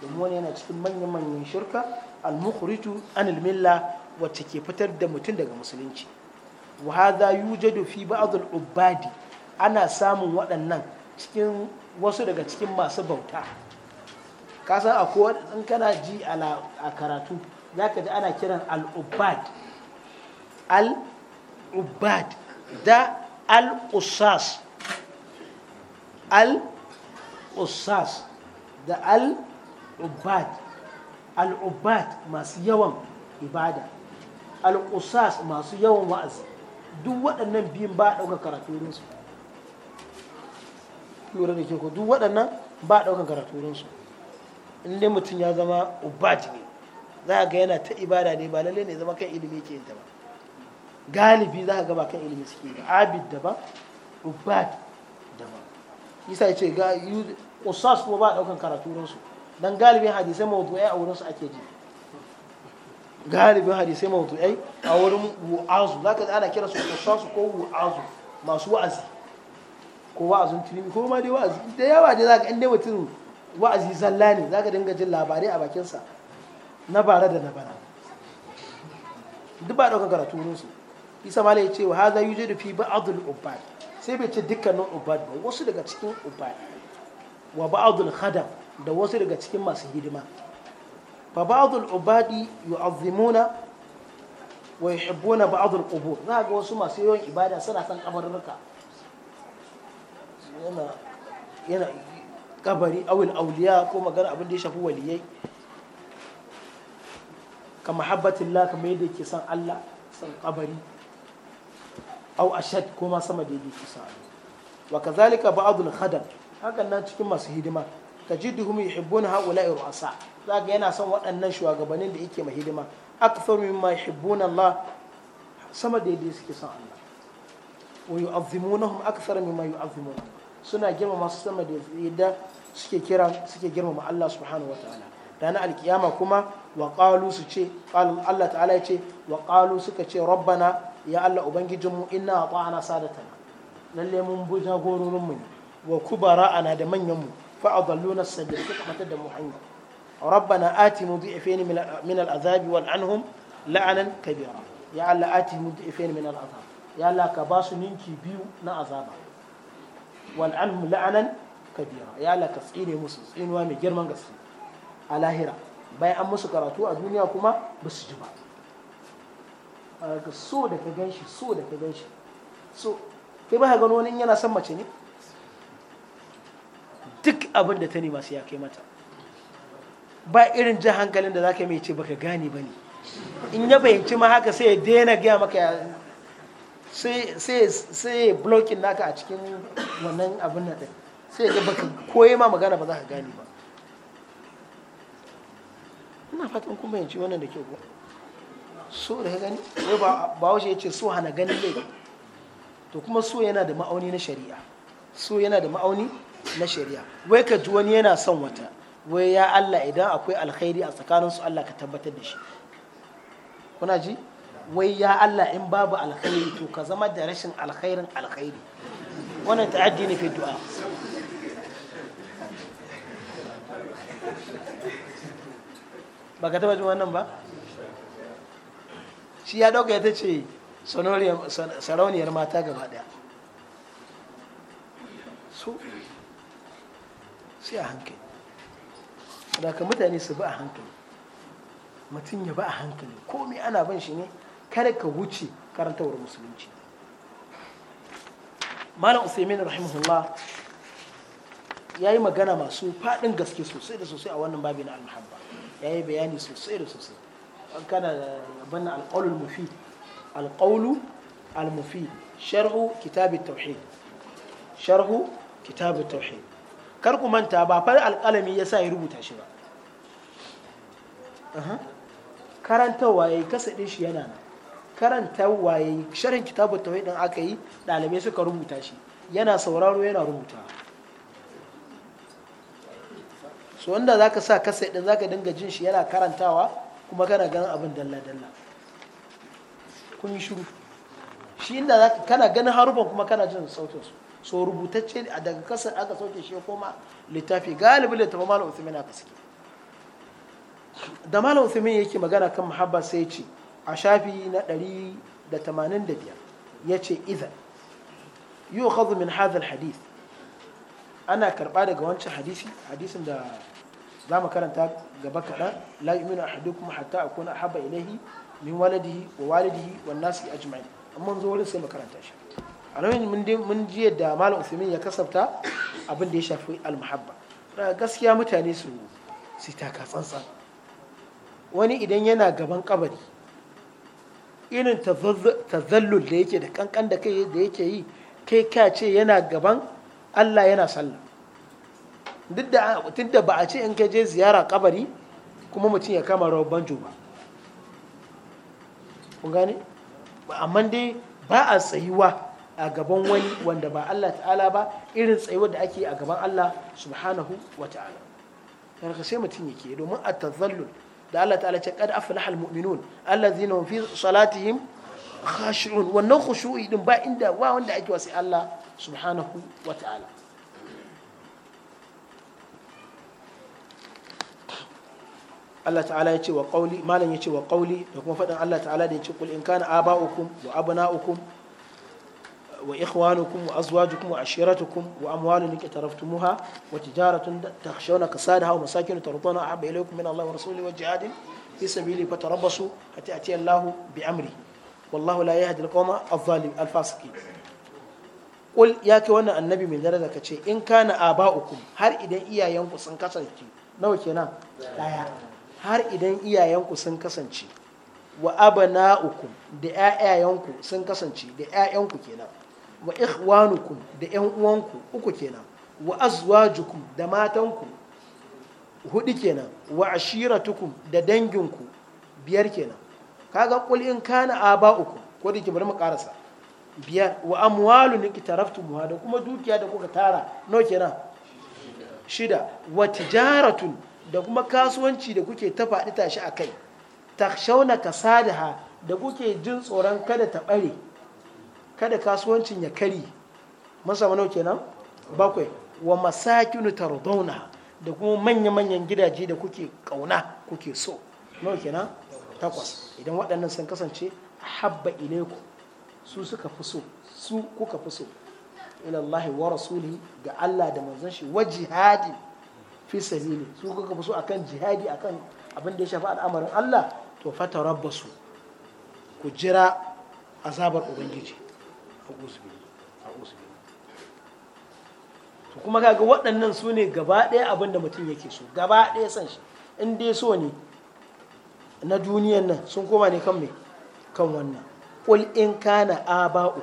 domin wani yana cikin manyan manyan shirka al-mukhriju an milla wacce ke fitar da mutum daga musulunci wa hadha yujadu fi ba'd ubadi ana samun waɗannan cikin wasu daga cikin masu bauta ka san akwai in kana ji a karatu zaka ji ana kiran al-ubad al-ubad da al-usas al-usas da al-ubad al-ubad masu yawan ibada al-usas masu yawan wa'azi duk waɗannan biyun ba a ɗaukar karatu lura da ke ko duk waɗannan ba a ɗaukar karatu inda mutum ya zama ubad ne za a ga yana ta ibada ne ba lalle ne zama kan ilimi ke yin ta ba galibi za ka gaba kan ilimi suke da abid daban ubad ba isa ya ce ga usas ko ba daukan karatu su. don galibin hadisai mawdu'ai a wurinsu ake ji galibin hadisai mawdu'ai a wurin wu'azu za ka ana kira su usas ko wu'azu masu wa'azi ko wa'azin turmi ko ma dai wa'azi da yawa dai za ka inda mutum wa'azi zalla ne za ka dinga jin labarai a bakinsa na bara da na bana duk ba daukan karatu su. isa mala ya ce wa hadha da fi ba'adul ubad sai bai ce dukkanin ubad ba wasu daga cikin ubad wa ba'adul khadam da wasu daga cikin masu hidima fa ba'dul ubadi yu'azzimuna wa yuhibbuna ba'd al-qubur za ga wasu masu yawan ibada suna san kabarurruka yana yana kabari awil awliya ko magana abin da ya shafi waliyai ka mahabbatillah kamar yadda yake san Allah san kabari au ashad ko ma sama da yake kusa wa kazalika ba'dul khadam hakan nan cikin masu hidima tajiduhum yuhibbuna haula'i ru'asa zaka yana son waɗannan shugabannin da yake ma hidima akthar mimma yuhibbuna Allah sama da yake suke son Allah wa yu'azzimunahum akthar mimma yu'azzimuna suna girmama su sama da yadda suke kira suke girmama Allah subhanahu wataala ranar alkiyama kuma wa qalu su ce Allah ta'ala ya ce wa qalu suka ce rabbana ya Allah ubangijinmu inna ata'ana sadatana lalle mun bi jagororin ne wa kubara ana da manyan mu fa adalluna sabil hikmata da mu hanya rabbana ati mudhi'afaini min al'azabi wal anhum la'anan kabira ya Allah ati min al'azab ya Allah ka ba su ninki biyu na azaba wal anhum la'anan kabira ya Allah ka tsine musu tsinuwa mai girman gaske a lahira bayan an musu karatu a duniya kuma ba su ji ba ga so da ka gan shi so da ka gan shi so kai ba ka gano wani yana son mace ne duk abin da ta nema sai ya kai mata ba irin jin hankalin da zaka mai ce baka gane ba ne in ya bayyanci ma haka sai ya daina gaya maka sai ya blocking naka a cikin wannan abin na ɗin sai ya baka koye ma magana ba za ka gane ba ina fatan kun yanci wannan da kyau ba so da gani ba bahaushe ya ce so hana ganin laifi to kuma so yana da ma'auni na shari'a so yana da ma'auni na shari'a wai ka ji wani yana son wata wai ya Allah idan akwai alkhairi a tsakanin su Allah ka tabbatar da shi kuna ji wai ya Allah in babu alkhairi to ka zama da rashin alkhairin alkhairi wannan ta'addi ne fi du'a ba ka taba ji wannan ba shi ya ɗauka ita ce sarauniyar mata gaba ɗaya su sai a hankali daga mutane su bi a hankali mutum ya bi a hankali komai ana ban shi ne kada ka wuce karantawar musulunci malam usaimin rahimahullah ya yi magana masu faɗin gaske sosai da sosai a wannan babi na almuhabba ya yi bayani sosai da sosai kana abin nan alqaulul mufid alqaulu al-mufid sharhu kitab tauhid sharhu kitab tauhid kar ku manta ba fa alƙalami ya sa ya rubuta shi ba karantawa kasa kasadin shi yana nan karantawa yayi sharhin kitab tauhid din aka yi dalibai suka rubuta shi yana sauraro yana rubutawa su wanda za ka sa kasa ɗin za ka dinga jin shi yana karantawa kuma kana ganin abin dalla-dalla kun yi shiru shi inda kana ganin harufan kuma kana jin sautin su so rubutacce a daga kasar aka sauke shi koma littafi galibin littafi malam uthman aka suke da malam uthman yake magana kan muhabba sai ce a shafi na 185 ya ce idan yi min hadha hadith ana karba daga wancan hadisi hadisin da za mu karanta gaba kaɗan a yu'minu kuma hatta akuna ahabba ilaihi min waladihi wa walidihi wan nasi ajma'in amma zo wurin sai mu karanta shi a nan mun ji yadda malam usaimin ya kasafta abin da ya shafi almuhabba gaskiya mutane su su taka tsantsan wani idan yana gaban kabari irin tazallul da yake da kankan da kai da yake yi kai ka ce yana gaban Allah yana sallah duk da tunda ba a ce in ka je ziyara kabari kuma mutum ya kama rawar banjo ba kun gane amma dai ba a tsayuwa a gaban wani wanda ba Allah ta'ala ba irin tsayuwa da ake a gaban Allah subhanahu wa ta'ala yana sai mutum yake domin a tazallul da Allah ta'ala ce kad aflahal mu'minun allazina hum fi salatihim khashi'un wannan khushu'i din ba inda ba wanda ake wasi Allah subhanahu wa ta'ala Allah ta'ala ya ce wa qauli malam ya ce wa qauli da kuma faɗin Allah ta'ala da ya ce kul in kana aba'ukum wa abna'ukum wa ikhwanukum wa azwajukum wa ashiratukum wa amwalun iqtaraftumuha wa tijaratun takhshawna kasadaha wa masakin tarduna ahabba ilaykum min Allah wa rasulihi wa jihadin fi sabili fatarabbasu hatta ati Allah bi amri wallahu la yahdi al-qawma adh-dhalim al-fasiqin kul ya kai wannan annabi mai daraja kace in kana aba'ukum har idan iyayenku sun kasance nawa kenan daya har idan iyayenku sun kasance wa uku da ƴaƴayenku sun kasance da 'ya'yanku kenan wa ikhwanuku da yan uwanku uku kenan wa azwajuku da matanku hudu kenan wa ashiratuku da danginku biyar kenan kaga kul in kana uku ko da bari mu karasa biyar wa niki taraftu da kuma dukiya da kuka tara no kenan shida wa tijaratun da kuma kasuwanci da kuke ta faɗi tashi a kai Ta takshauna kasadaha da kuke jin tsoron kada ta ɓare kada kasuwancin ya kari masa ke nan bakwai wa masakinu rubauna. da kuma manya-manyan gidaje da kuke ƙauna kuke so nau nan takwas idan waɗannan sun kasance habba ku su suka fi so su kuka fi so ilallahi wa rasuli ga Allah da manzon shi wa jihadi. fi sabili su kuka fi so akan jihadi akan abin da ya shafi al'amarin Allah to fata rabbasu ku jira azabar ubangiji a usbi to kuma kaga waɗannan su ne gaba ɗaya abin da mutum yake so gaba ɗaya san shi in dai so ne na duniyan nan sun koma ne kan me kan wannan qul in kana aba'u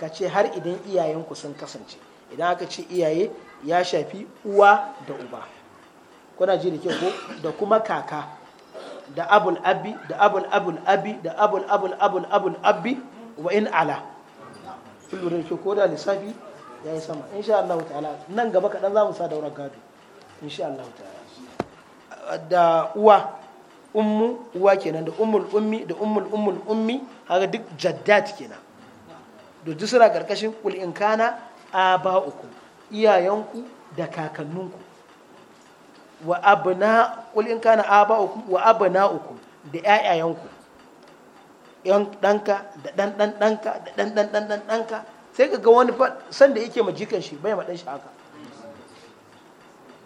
ka ce har idan iyayenku sun kasance idan aka ce iyaye ya shafi uwa da uba kuna ji da kyau ko da kuma kaka da abul abi da abul abul abi da abul abul abul abul abi wa in ala kun lura da ko da lissafi ya yi sama insha Allah ta'ala nan gaba kaɗan za mu sa daurar gado insha Allah ta'ala da uwa ummu uwa kenan da ummul ummi da ummul ummul ummi haka duk jaddat kenan da duk suna karkashin kul in kana aba'ukum iyayenku da kakanninku wa abna na in kana aba'ukum wa abna'ukum da ƴaƴayanku yan danka da dan dan danka da dan dan dan dan danka sai ka ga wani san da yake ma jikan shi bai ma dan shi haka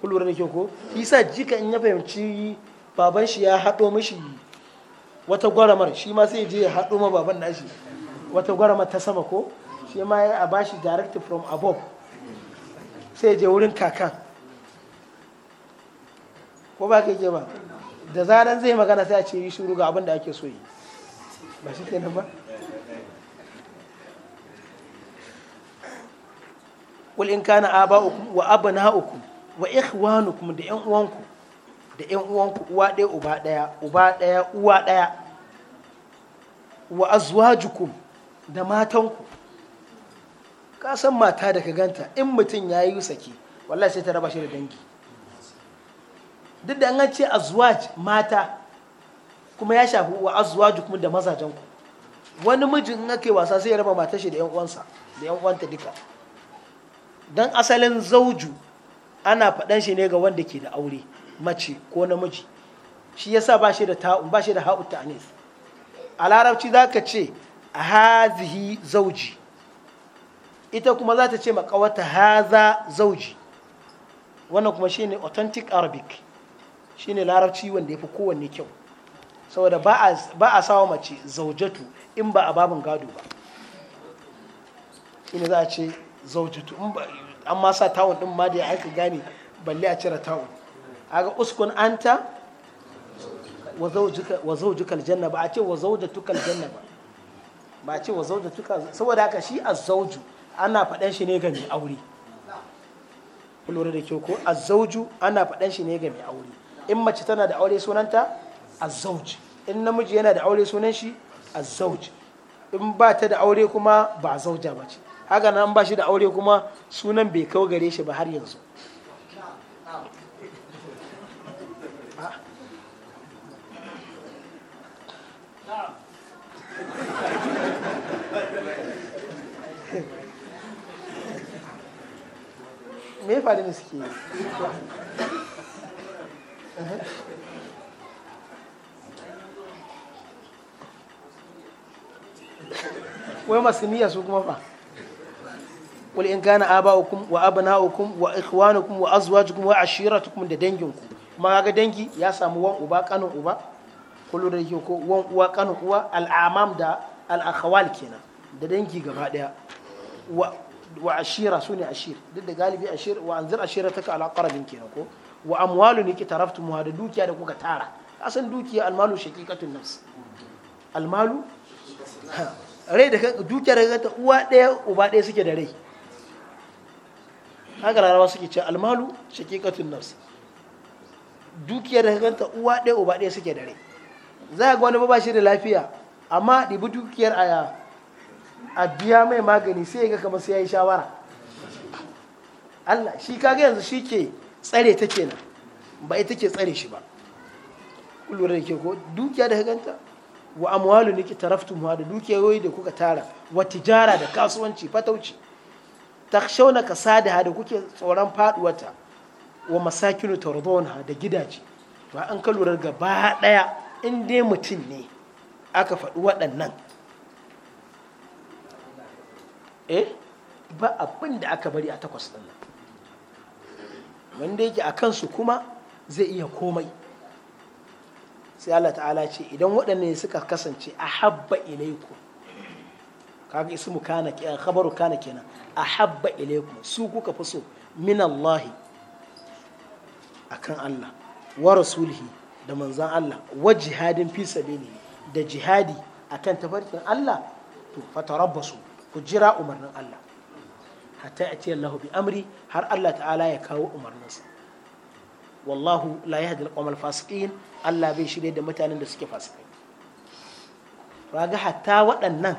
kullum da ke ko yasa jikan in ya fahimci baban shi ya haɗo mishi wata gwaramar shi ma sai je ya haɗo ma baban nashi wata gwaramar ta sama ko shi ma ya a bashi direct from above sai je wurin kakan ko ba ka yi ba da zaran zai magana sai a ce yi shuru ga abin da ake so yi ba shi nan ba qul in kana uku wa uku wa ikhwanukum da yan uwanku da yan uwanku uwa ɗaya uba ɗaya uba ɗaya uwa ɗaya wa azwajukum da matanku ka san mata da ka ganta in mutum ya yi saki wallahi sai ta raba shi da dangi duk da an ce azwaj mata kuma ya shafi wa kuma da mazajen ku wani mijin in ake wasa sai ya raba matar shi da yan uwansa da yan uwanta duka dan asalin zauju ana faɗan shi ne ga wanda ke da aure mace ko namiji shi yasa ba shi da ta'un ba shi da ha'u ta'anis a larabci za ka ce hazihi zauji ita kuma za ta ce makawata haza zauji wannan kuma shi ne authentic arabic shine larabci wanda ya fi kowanne kyau saboda ba a sawa mace zaujatu in ba a babin gado ba shine za a ce zaujatu an ma sa tawon din ma da ya aika gane balle a cire tawon aga uskun anta wa zaujuka aljanna ba a ce wa zaujatuka aljanna ba ba a ce wa zaujatuka saboda haka shi azzauju ana faɗan shi ne ga mai aure kullum da kyau ko azzauju ana faɗan shi ne ga mai aure in mace tana da aure sunanta azzauj in namiji yana da aure sunan shi azzauj in ba ta da aure kuma ba zauja ba ce haka nan ba shi da aure kuma sunan bai kawo gare shi ba har yanzu me fadin suke yi wai masu su kuma fa wal in kana aba'ukum wa abna'ukum wa ikhwanukum wa azwajukum wa ashiratukum da danginku kuma ga dangi ya samu wan uba kanin uba kullu da yake ko wan uwa kanin uwa al'amam da al'akhawal kenan da dangi gaba daya wa ashira sune ashir duk da galibi ashir wa anzir ashirataka ala qarabin kenan ko wa amwalu ne ki muwa da dukiya da kuka tara san dukiya almalu shaqiqatun nafs almalu rai da dukiya da ta uwa daya uba daya suke da rai haka larabawa suke ce almalu shaqiqatun nafs dukiya da ta uwa daya uba daya suke da rai za ga wani babashi da lafiya amma ɗibi dukiyar aya a biya mai magani sai ga kamar sai ya yi shawara Allah shi kaga yanzu shi ke tsare ta kenan ba ita ke tsare shi ba kullum da ke ko dukiya da haganta wa amwalu niki taraftumuha da dukiyoyi da kuka tara wa tijara da kasuwanci fatauci ta shauna ka sada da kuke tsoron faduwata wa masakinu ha da gidaje to an ka lura gaba daya in dai mutum ne aka faɗi waɗannan eh ba abin da aka bari a takwas ɗin wanda yake a kansu kuma zai iya komai sai Allah ta'ala ce idan waɗanne suka kasance a habba ilaikum kaga ismu kana kenan khabaru kana kenan a habba ilaikum su kuka fi so min Allah akan Allah wa rasulihi da manzan Allah wa jihadin fi bene da jihadi akan tafarkin Allah to fatarabbasu ku jira umarnin Allah hatta ya ce Allah amri har Allah ta'ala ya kawo umarninsa wallahu la yahdi al-qawmal fasiqin Allah bai shirye da mutanen da suke fasikai ga hatta waɗannan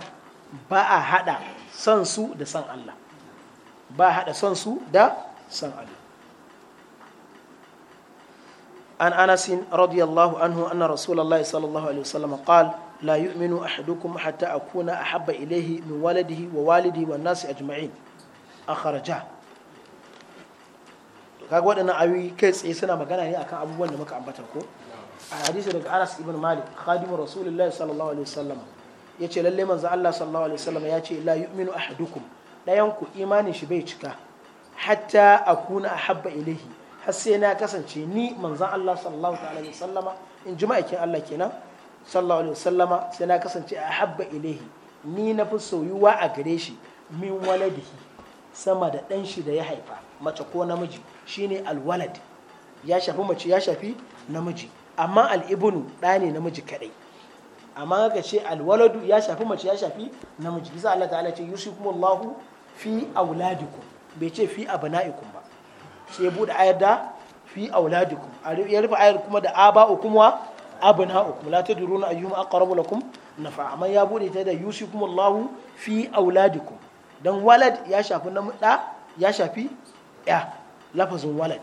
ba a hada son da san Allah ba a hada son su da san Allah an anas radiyallahu anhu anna rasulullah sallallahu alaihi wasallam qala la yu'minu ahadukum hatta akuna ahabba ilayhi min waladihi wa walidihi wan nasi ajma'in a kharaja kaga waɗannan ayoyi kai tsaye suna magana ne akan abubuwan da muka ambata ko a hadisi daga Anas ibn Malik khadimu Rasulullahi sallallahu alaihi wasallam yace lalle manzo Allah sallallahu alaihi wasallam ya ce la yu'minu ahadukum dayan ku imanin shi bai cika hatta akuna ahabba ilaihi har sai na kasance ni manzon Allah sallallahu alaihi wasallama in ji ma'aikin Allah kenan sallallahu alaihi wasallama sai na kasance ahabba ilaihi ni na fi soyuwa a gare shi min waladihi sama da ɗan shi da ya haifa mace ko namiji shine alwalad ya shafi mace ya shafi namiji amma al'ibnu ɗa ne namiji kaɗai amma ka ce alwaladu ya shafi mace ya shafi namiji bisa Allah ta'ala ce yusufumallahu fi auladikum bai ce fi abna'ikum ba sai bude ayar da fi auladikum ya rufe ayar kuma da aba'ukum wa abna'ukum la tadruna ayyuhum aqrabu lakum nafa amma ya buɗe ta da yusufumallahu fi auladikum don walad ya shafi na ɗa ya shafi ya lafazin walad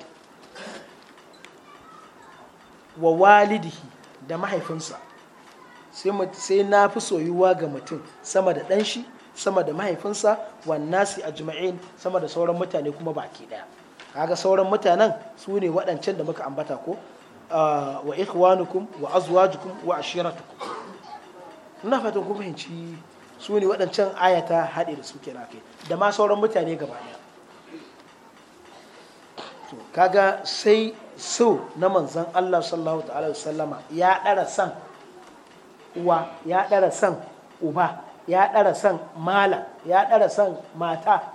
wa walidihi da mahaifinsa sai na fi soyuwa ga mutum sama da ɗan shi sama da mahaifinsa wa nasi a jima'in sama da sauran mutane kuma baki ɗaya kaga sauran mutanen su ne waɗancan da muka ambata ko ah, wa ikhwanukum wa azwajukum wa ashiratukum ina fatan ku fahimci su ne waɗancan ayata haɗe da suke na kai da ma sauran mutane gaba ɗaya to kaga sai so na manzan Allah sallallahu ta'ala sallama ya ɗara san uwa ya ɗara san uba ya ɗara san mala ya ɗara san mata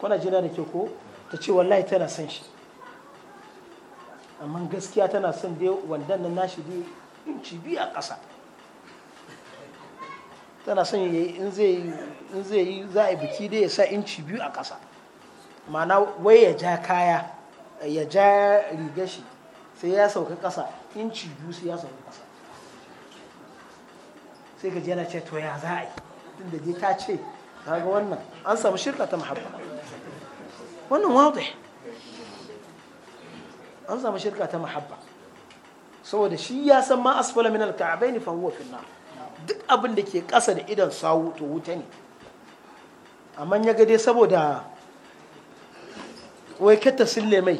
kuna jina da ke ko ta ce wallahi tana son shi amma gaskiya tana son dai wandan nan nashi dai inci biyu a ƙasa tana son in zai yi za a biki dai ya sa inci biyu a ƙasa mana wai ya ja kaya ya ja riga shi sai ya sauka ƙasa inci biyu sai ya sauka ƙasa sai ka jana ce to ya za a yi tunda dai ta ce ga wannan an samu shirka ta mahabba wannan wadai an samu shirka ta mahabba saboda shi ya san ma asfala min al-ka'bayn fa huwa fi an-nar duk abin da ke ƙasa da idan sawu to wuta ne amma ya ga dai saboda wai kata sille mai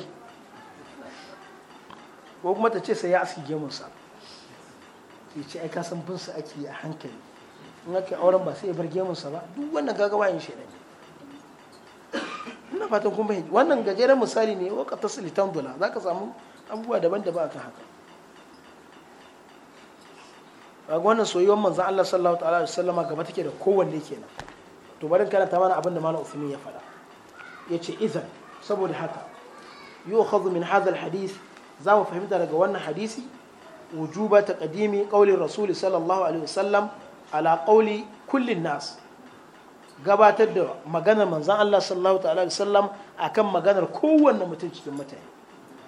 ko kuma ta ce sai ya aski gemunsa ya ce ai ka san bin su ake a hankali in aka auren ba sai ya bar gemunsa ba duk wannan gagawa yin shi ne ina fatan kun wannan gajeren misali ne wa ka tasli za ka samu abubuwa daban-daban kan haka kaga wannan soyayyar manzon Allah sallallahu alaihi wasallam gaba take da kowanne kenan to barin karanta mana abin da malam Usman ya faɗa yace idan saboda haka yu'khadhu min hadha alhadith za mu fahimta daga wannan hadisi wujuba taqdimi qawli rasul sallallahu alaihi wasallam ala qawli kullin nas gabatar da maganar manzon Allah sallallahu ta'ala alaihi wasallam akan maganar kowanne mutum cikin mutane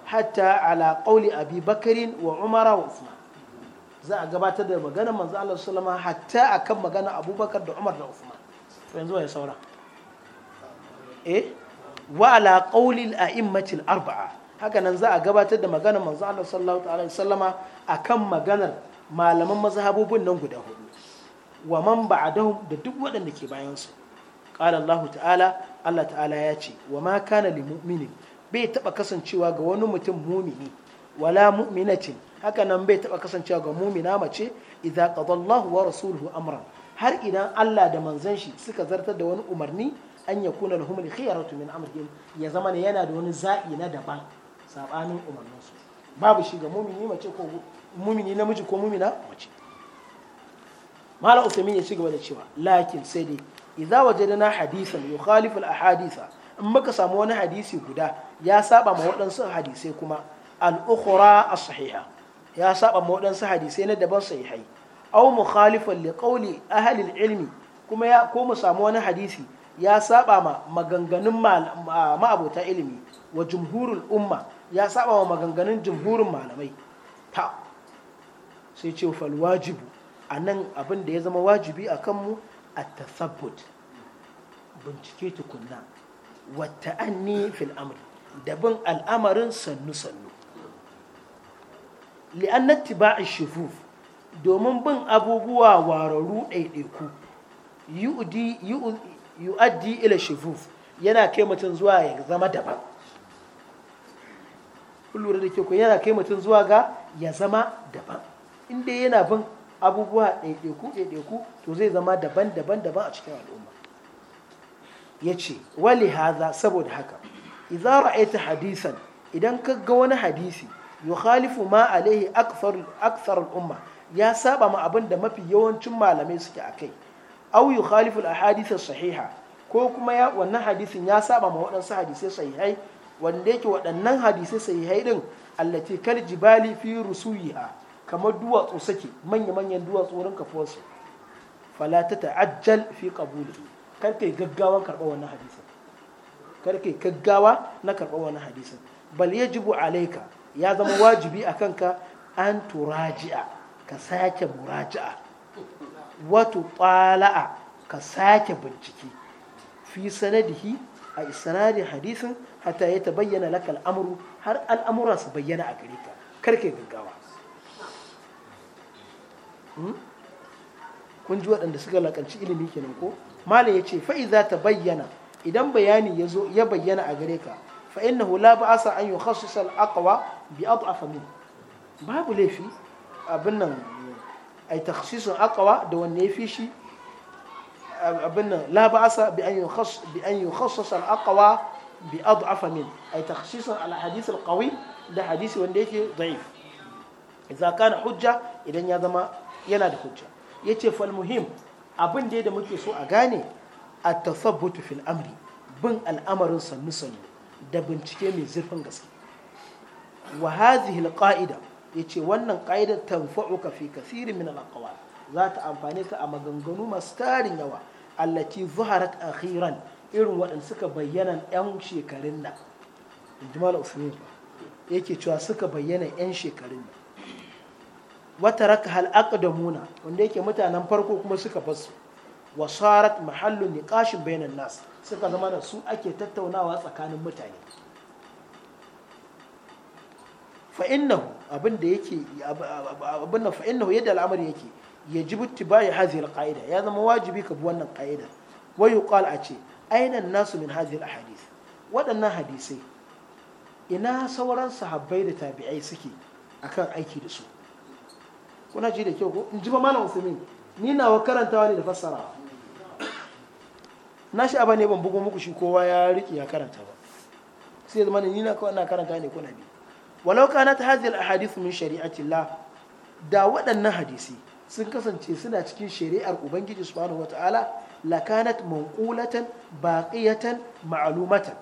hatta ala qawli abi bakarin wa umara wa usman za a gabatar da maganar manzo Allah sallama hatta akan magana Abubakar da Umar da Uthman to yanzu ya saura eh wa ala qawli al-a'immatil arba'a haka nan za a gabatar da maganar manzo Allah sallallahu alaihi wasallama akan maganar malaman mazhabobin nan guda hudu wa man ba'dahum da duk waɗanda ke bayan su qala Allah ta'ala Allah ta'ala ya ce wa ma kana lil mu'minin bai taba kasancewa ga wani mutum mumini wala mu'minatin haka nan bai taɓa kasancewa ga mumina mace idza qadallahu wa rasuluhu amran har idan Allah da manzon shi suka zartar da wani umarni an yakuna lahum al-khiyaratu min amrihim ya zama ne yana da wani za'i na daban sabanin umarnin su babu shi ga mumini mace ko mumini namiji ko mumina mace mala usaimin ya ci gaba da cewa lakin sai dai idza wajadna hadisan yukhalifu al-ahadisa in muka samu wani hadisi guda ya saba ma waɗansu hadisai kuma al-ukhra as-sahiha ya saba waɗansu hadisai na daban sahihai au mukhalifan li qawli ahli ilmi kuma ya ko mu samu wani hadisi ya saba ma maganganun ma'abota ilimi wa jumhurul umma ya saba wa maganganun jumhurin malamai ta sai ce fal wajibu a nan abin da ya zama wajibi a kanmu a tasabbut bincike tukunna wata ta'anni fil amri da bin al'amarin sannu sannu ba a shufuf domin bin abubuwa wararu ɗaiɗaiku yu'addi ila shufuf yana kai mutum zuwa ya zama daban lura da ke yana kai mutum zuwa ga ya zama daban inda yana bin abubuwa ɗaiɗaiku ɗaiɗaiku to zai zama daban daban daban a cikin al'umma ya ce wali haza saboda haka hadisan idan ka ga wani hadisi yukhalifu ma alaihi akthar al-umma ya saba ma abin da mafi yawancin malamai suke akai aw yukhalifu al-ahadith as-sahiha ko kuma ya wannan hadisin ya saba ma waɗansu hadisai sahihai wanda yake waɗannan hadisai sahihai din allati kal jibali fi rusuyiha kamar duwatsu Sake manya-manyan duwatsu wurin kafuwarsu fala ta ta'ajjal fi qabuli kar kai gaggawa karɓar wannan hadisin kar kai gaggawa na karɓar wannan hadisin bal yajibu alayka ya zama wajibi a kanka an turaji'a ka sake muraji'a wato ƙwala'a ka sake bincike fi sanadihi a isnadin hadisin hata ya bayyana laka al'amuru har al'amura su bayyana a gare ka karke gaggawa hmm? kun ji waɗanda suka lakanci ilimi kenan ko malam ya ce fa'iza ta bayyana idan bayani ya bayyana a gare ka fa innahu babu laifi abin nan ai takhsisun aqwa da wanne yafi shi abin nan la ba'asa bi an yukhass bi an yukhassisa al-aqwa bi ad'af min ai takhsisun al-hadith al-qawi da hadisi wanda yake da'if idan ya yana da hujja yace fal muhim da muke so a gane a tathabbut fil amri bin al'amarin sannu da bincike mai zurfin gaske wa hadhihi alqa'ida yace wannan qa'idar tanfa'uka fi kasiri min alaqwal za ta amfane ka a maganganu masu tarin yawa allati zuharat akhiran irin waɗanda suka bayyana 'yan shekarun nan injimal usman yake cewa suka bayyana 'yan shekarun nan wata raka hal aqdamuna wanda yake mutanen farko kuma suka basu wa sarat mahallun niqashin bainan nas suka zama da su ake tattaunawa tsakanin mutane fa innahu abin da yake abin nan fa innahu yadda al'amari yake ya ittiba'i hadhihi al-qa'ida ya zama wajibi ka bi wannan ka'idar wa yuqal a ce aina nasu min hadhihi al-ahadith waɗannan hadisai ina sauran sahabbai da tabi'ai suke akan aiki da su kuna ji da kyau ko in ji ba malam usmin ni nawa karantawa ne da fassarawa na shi aba ne ban bugo muku shi kowa ya riƙe ya karanta ba sai zama ni na kawai na karanta ne kuna bi walau kana ta hadhihi al mun min shari'atillah da waɗannan hadisi sun kasance suna cikin shari'ar ubangiji subhanahu wataala lakanat manqulatan baqiyatan ma'lumatan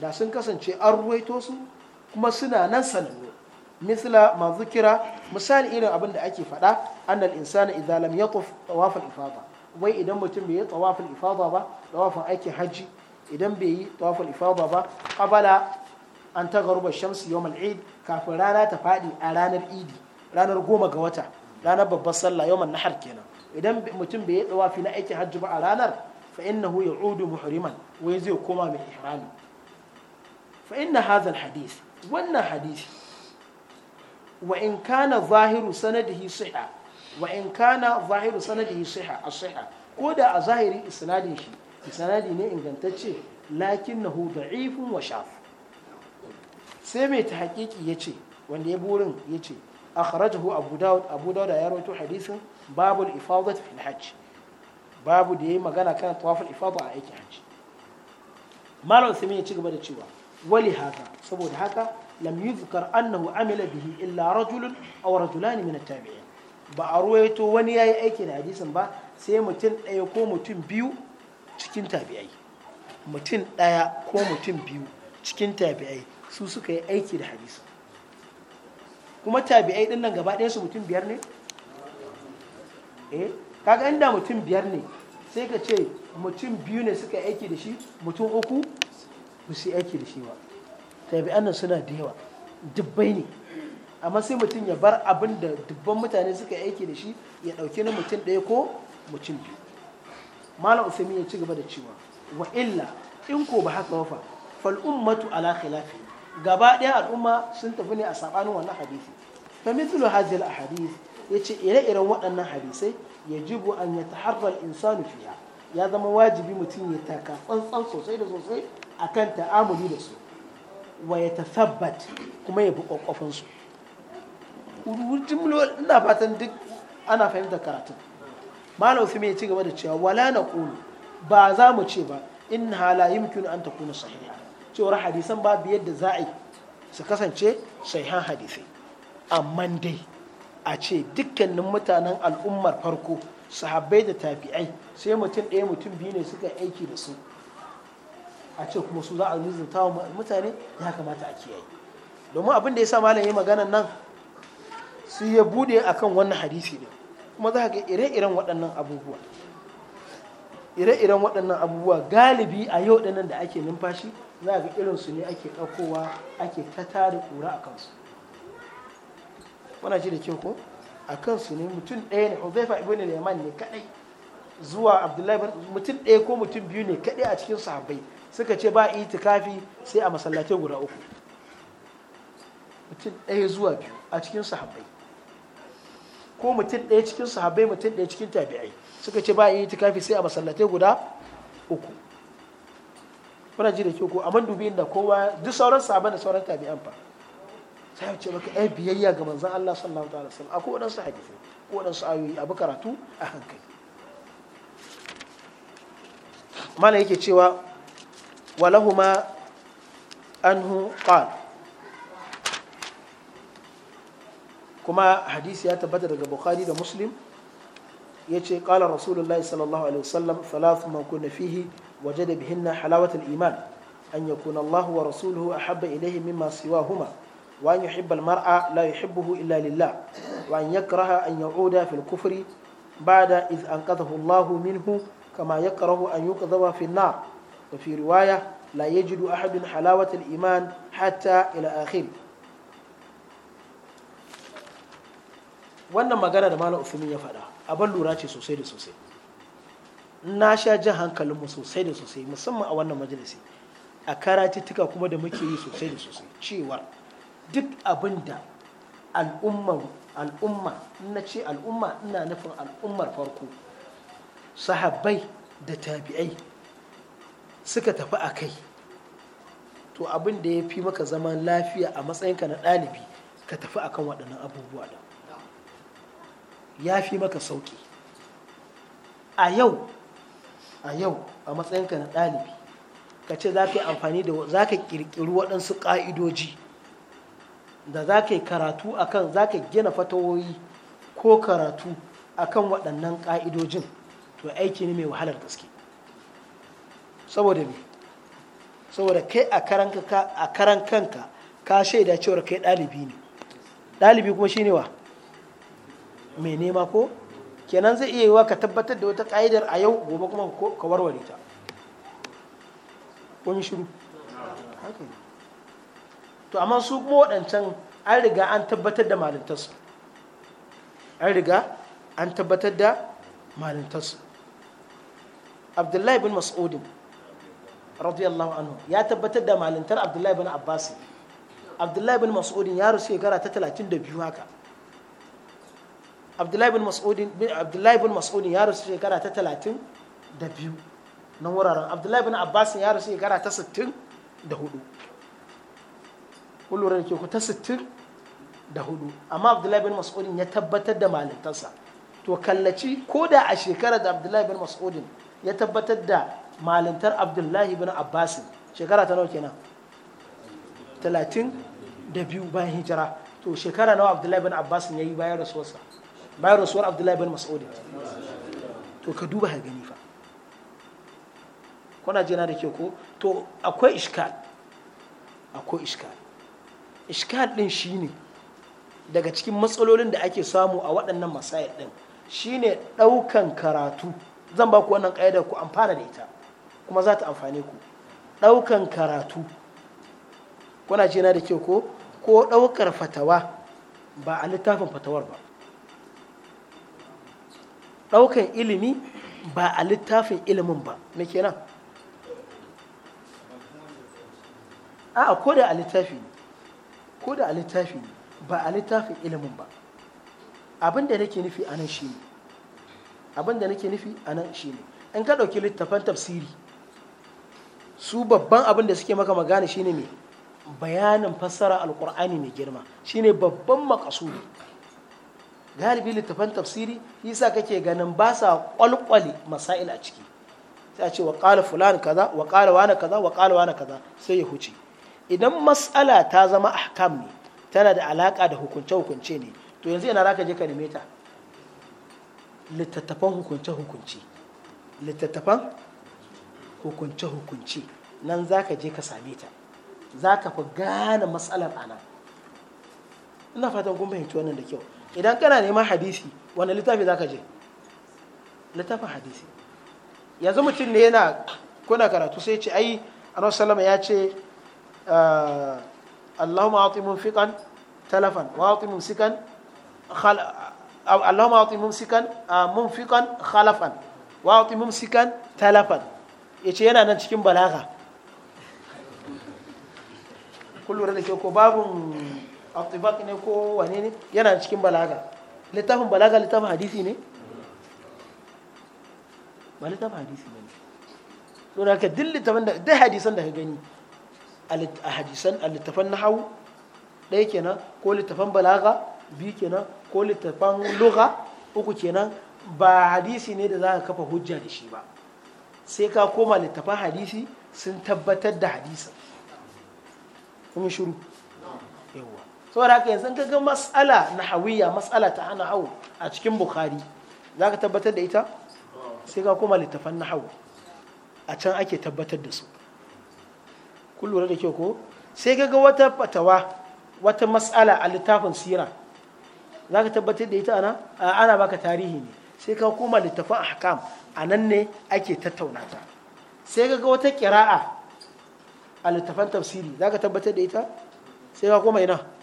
da sun kasance an ruwaito su kuma suna nan sanannu misla ma zukira misali irin abin da ake faɗa annal insana idza lam yatuf tawaf al-ifada wai idan mutum bai yi tawafin ifada ba tawafin aikin hajji idan bai yi tawafin ifada ba abala an ta garuba shamsu yawm al kafin rana ta faɗi a ranar idi ranar goma ga wata ranar babbar sallah yawm nahar kenan idan mutum bai yi tawafi na aikin hajji ba a ranar fa innahu ya'udu muhriman wai zai koma mai ihrami fa inna hadha hadith wannan hadisi wa in kana zahiru sanadihi sihha wa in kana zahiru sanadihi siha as-siha ko da a zahiri isnadin shi isnadi ne ingantacce lakinnahu da'ifun wa shaf sai mai ta hakiki yace wanda ya burin yace akhrajahu abu daud abu daud ya rawaito hadisin babul ifadat fil hajj babu da yayi magana kan tawaful ifada a aikin hajji malam sai ya ci gaba da cewa wali haka saboda haka lam yuzkar annahu amila bihi illa rajulun aw rajulani min at-tabi'in ba a ruwaito wani ya yi aiki da hadisin ba sai mutum ɗaya ko mutum biyu cikin tabi'ai mutum ɗaya ko mutum biyu cikin tabi'ai su suka yi aiki da hadisi kuma tabi'ai ɗin nan gaba ɗaya su mutum biyar ne eh kaga inda mutum biyar ne sai ka ce mutum biyu ne suka yi aiki da shi mutum uku ba su yi aiki da shi ba tabi'an nan suna da yawa dubbai ne amma sai mutum ya bar abin da dubban mutane suka aiki da shi ya ɗauki na mutum ɗaya ko mutum biyu malam usaimin ya ci gaba da cewa wa illa in ko ba haka wafa fal ummatu ala khilafi gaba ɗaya al'umma sun tafi ne a saɓanin wannan hadisi fa mithlu hadhihi al ahadith yace ire-iren waɗannan hadisai yajibu an yataharra al insanu fiha ya zama wajibi mutum ya taka tsantsan sosai da sosai akan ta'amuli da su wa ya kuma ya bi kokofin su ina fatan duk ana fahimtar karatun malam uthman ya ci gaba da cewa wala na kulu ba za mu ce ba in hala yumkinu an takuna sahiha cewar hadisan babu yadda za a yi su kasance sahihan hadisai amma dai a ce dukkanin mutanen al'ummar farko sahabbai da tabi'ai sai mutum ɗaya mutum biyu ne suka aiki da su a ce kuma su za a zuzuta wa mutane ya kamata a kiyaye domin abin da ya sa malam yi maganan nan sai ya bude akan wannan hadisi ne kuma za ka ire-iren waɗannan abubuwa ire-iren waɗannan abubuwa galibi a yau ɗanan da ake numfashi za ga irin su ne ake ɗaukowa ake ta tada ƙura a kansu wana ji da kyau ko a kansu ne mutum ɗaya ne huzaifa ibn al-yaman ne kaɗai zuwa abdullahi mutum ɗaya ko mutum biyu ne kaɗai a cikin sahabbai suka ce ba itikafi sai a masallatai guda uku mutum ɗaya zuwa biyu a cikin sahabbai ko mutum ɗaya cikin sahabbai mutum ɗaya cikin tabi'ai suka ce ba yi itikafi sai a masallatai guda uku kuna ji da ke ko amma dubi inda kowa duk sauran sahabbai da sauran tabi'an fa sai ya ce maka ai eh, biyayya ga manzon Allah sallallahu alaihi wasallam akwai wadansu hadisi ko wadansu ayoyi abu karatu a hankali malam yake cewa walahuma anhu qala كما حديث ياتى بدر البخاري ومسلم يجي قال رسول الله صلى الله عليه وسلم ثلاث ما كنا فيه وجد بهن حلاوة الإيمان أن يكون الله ورسوله أحب إليه مما سواهما وأن يحب المرأة لا يحبه إلا لله وأن يكره أن يعود في الكفر بعد إذ أنقذه الله منه كما يكره أن يقذف في النار وفي رواية لا يجد أحد حلاوة الإيمان حتى إلى آخره wannan magana da malam uthmin ya faɗa abin lura ce sosai da sosai na sha jin hankalinmu sosai da sosai musamman a wannan majalisi a karatuttuka kuma da muke yi sosai da sosai cewa duk abin da al'umma na ce al'umma ina nufin al'ummar farko sahabbai da tabi'ai suka tafi a kai to abin da ya fi maka zaman lafiya a matsayinka na ɗalibi ka tafi akan waɗannan abubuwa da ya fi maka sauki a yau a yau a matsayinka na ɗalibi ka ce za ka yi amfani da za ka ƙirƙiri waɗansu ƙa'idoji da za ka yi karatu akan za ka gina fatawoyi ko karatu kan waɗannan ƙa'idojin to aiki ne mai wahalar gaske saboda me saboda kai a karan kanka ka shaida cewar kai ɗalibi ne ɗalibi kuma shine wa mai nema ko kenan zai iya yiwa ka tabbatar da wata ka'idar a yau gobe kuma ka warware ta kun shiru to amma su kuma waɗancan an riga an tabbatar da malintarsu an riga an tabbatar da malintarsu abdullahi bin mas'udin radiyallahu anhu ya tabbatar da malintar abdullahi bin abbas abdullahi bin mas'udin ya rasu shekara ta 32 haka abdullahi bin mas'udin abdullahi bin mas'udin ya rasu shekara ta talatin da biyu na wuraren abdullahi bin abbas ya rasu shekara ta sittin da hudu kullum da ke ku ta sittin da hudu amma abdullahi bin mas'udin ya tabbatar da malintarsa to kallaci ko da a shekarar da abdullahi bin mas'udin ya tabbatar da malintar abdullahi bin abbas shekara ta nawa kenan talatin da biyu bayan hijira to shekara nawa abdullahi bin abbas ya yi bayan rasuwarsa bayan rasuwar abdullahi bin masaudi to ka duba ha gani fa kuna jina da ke ko to akwai iskal akwai iskal iskal din shine daga cikin matsalolin da ake samu a waɗannan masayar din shine ɗaukan karatu zan ba ku wannan ƙa'idar ku amfana da ita kuma za ta amfane ku ɗaukan karatu kuna jina da ke ko ko ɗaukar fatawa ba a littafin fatawar ba ɗaukan ilimi ba a littafin ilimin ba me kenan a'a ko da a littafi ne ko da a littafi ne ba a littafin ilimin ba abin da nake nufi anan shi ne abin da nake nufi anan shi ne in ka ɗauki littafan tafsiri su babban abin da suke maka magana shine mai bayanin fassara alkur'ani mai girma shine babban makasudi galibi littafan tafsiri yasa kake ganin ba sa kwalkwale masail a ciki sai a ce wa fulani kaza wa wani kaza wa wani kaza sai ya huce idan matsala ta zama ahkam ne tana da alaka da hukunce hukunce ne to yanzu yana zaka je ka neme ta littattafan hukunce hukunce littattafan hukunce hukunce nan zaka je ka same ta zaka fi gane matsalar ana ina fatan kun fahimci wannan da kyau idan kana neman hadisi wani littafi za ka je littafin hadisi yanzu mutum ne yana kuna karatu sai ce ai annabi salama ya ce ah, Allahumma ati munfiqan talafan wa ati sikan ah, Allahumma ati mun ah, munfiqan khalafan wa ati sikan talafan ya ce yana nan cikin balaga kullum da ke ko babun atibak ne ko wane ne yana cikin balaga littafin balaga littafin hadisi ne ba littafin hadisi ne don haka duk littafin da duk hadisan da ka gani a hadisan a littafan hau ɗaya kenan ko littafan balaga biyu kenan ko littafan lugha uku kenan ba hadisi ne da za ka kafa hujja da shi ba sai ka koma littafan hadisi sun tabbatar da hadisan kuma shiru yawa saboda haka yanzu ka ga na hawiya matsala ta hau a cikin bukhari za ka tabbatar da ita sai ka kuma littafan hau a can ake tabbatar da su ku lura da kyau ko sai ka ga wata fatawa wata matsala a littafin sira za ka tabbatar da ita ana ana baka tarihi ne sai ka koma littafin ahkam a nan ne ake tattauna ta sai ka ga wata kira'a a littafan tafsiri za ka tabbatar da ita sai ka kuma ina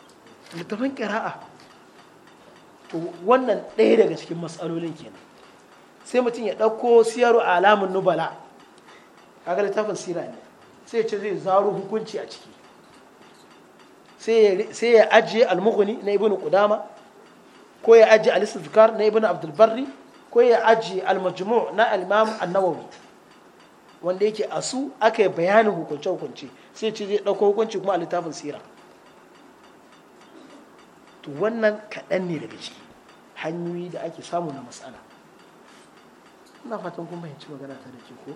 littafin kira'a to wannan ɗaya daga cikin matsalolin kenan sai mutum ya ɗauko siyaru alamun nubala kaga littafin sira ne sai ce zai zaro hukunci a ciki sai ya ajiye almughni na ibnu qudama ko ya ajiye al-istizkar na ibnu abdul barri ko ya ajiye al-majmu' na al-imam an-nawawi wanda yake asu aka yi bayanin hukunce hukunce sai ce zai ɗauko hukunci kuma a littafin sira to wannan kaɗan ne daga ciki hanyoyi da ake samu na matsala ina fatan kuma yanci magana ta da ke ko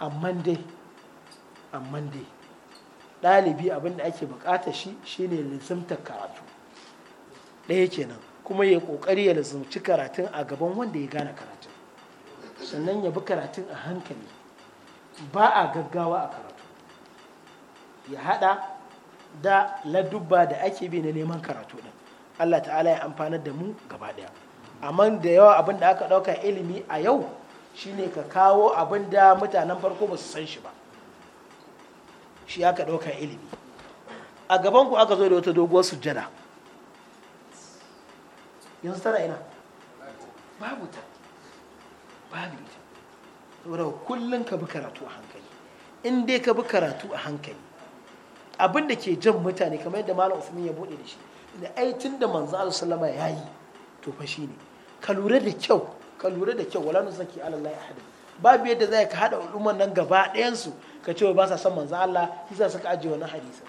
amman dai amman dai ɗalibi abin da ake bukata shi shine lizimtar karatu ɗaya kenan kuma ya ƙoƙari ya lizimci karatun a gaban wanda ya gane karatun sannan ya bi karatun a hankali ba a gaggawa a karatu ya haɗa da ladubba da ake bi na neman karatu din Allah ta'ala ya amfanar da mu gaba daya amma da yawa abin da aka ɗauka ilimi a yau shine ka kawo abin da mutanen farko ba su san shi ba shi aka ɗauka ilimi a gaban ku aka zo da wata doguwar sujjada yanzu tana ina babu ta babu ita saboda kullum ka bi karatu a hankali in dai ka bi karatu a hankali abin da ke jan mutane kamar yadda malam usman ya bude da shi da ai tun da manzo Allah sallama yi to fa shine ka lura da kyau ka lura da kyau wala nusaki ala Allah ahad babu yadda zai ka hada al'umman nan gaba ɗayan su ka ce ba sa san manzo Allah sa suka aje wannan hadisi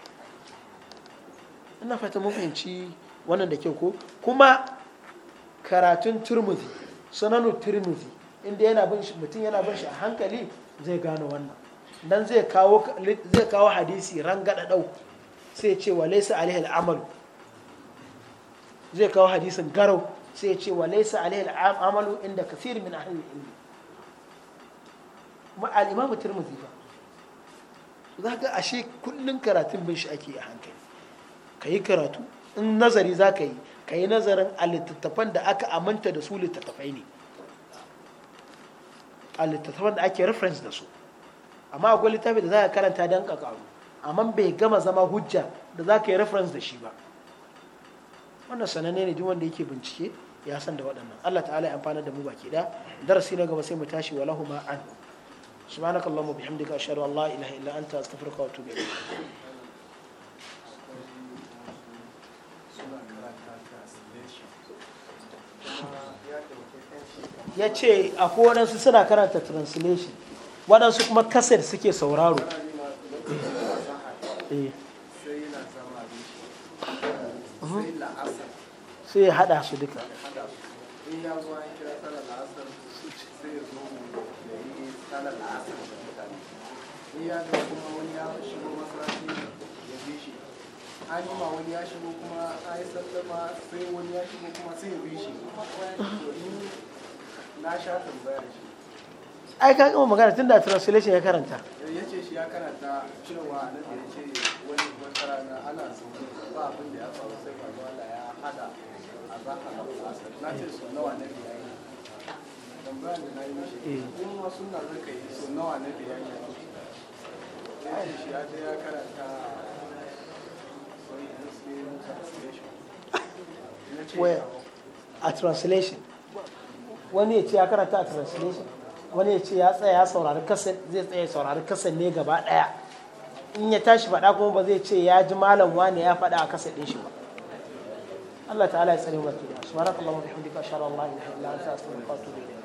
ina fata mun fahimci wannan da kyau ko kuma karatun turmuzi sananu turmuzi inda yana bin mutum yana bin shi a hankali zai gano wannan dan zai kawo zai kawo hadisi rangada dau sai ce wa laysa alaihi al'amalu zai kawo hadisin garau sai ce wa laysa alaihi al'amalu inda kathir min ahli ilmi ma al-imam tirmidhi fa za ka ashe kullun karatun bin shi ake a hankali kayi karatu in nazari za ka yi ka nazarin a littattafan da aka amanta da su littattafai ne a littattafan da ake reference da su amma akwai littafi da za ka karanta don ka karu amma bai gama zama hujja da za ka yi reference da shi ba wannan sananne ne duk wanda yake bincike ya san da waɗannan Allah ta'ala ya amfana da mu baki da darasi na gaba sai mu tashi wa lahuma an subhanakallahumma bihamdika ashhadu an la ilaha illa anta astaghfiruka wa atubu ilayk ya ce akwai waɗansu suna karanta translation waɗansu kuma kaset suke sauraro sai ya haɗa su duka ma wani ya shigo kuma a yi sai wani ya shigo kuma sai ya bi shi na sha tambaya shi ai ka gama magana tun da translation ya karanta ya ce shi ya karanta cewa da ya ce wani na ana ba abin da ya faru sai ka ya hada a eh. za ka na ce nawa da da kuma yi nawa da ya ce shi ya je ya karanta Where? A translation. Wani ya ce ya karanta a translation. wani ya ce ya tsaya ya saurari kasa zai tsaya saurari kasa ne gaba ɗaya in ya tashi faɗa kuma ba zai ce ya ji malam wani ya faɗa a kasa ɗin shi ba Allah ta'ala ya tsare mu baki da subhanakallahumma bihamdika ashhadu ya la ilaha illa anta astaghfiruka wa atubu ilayk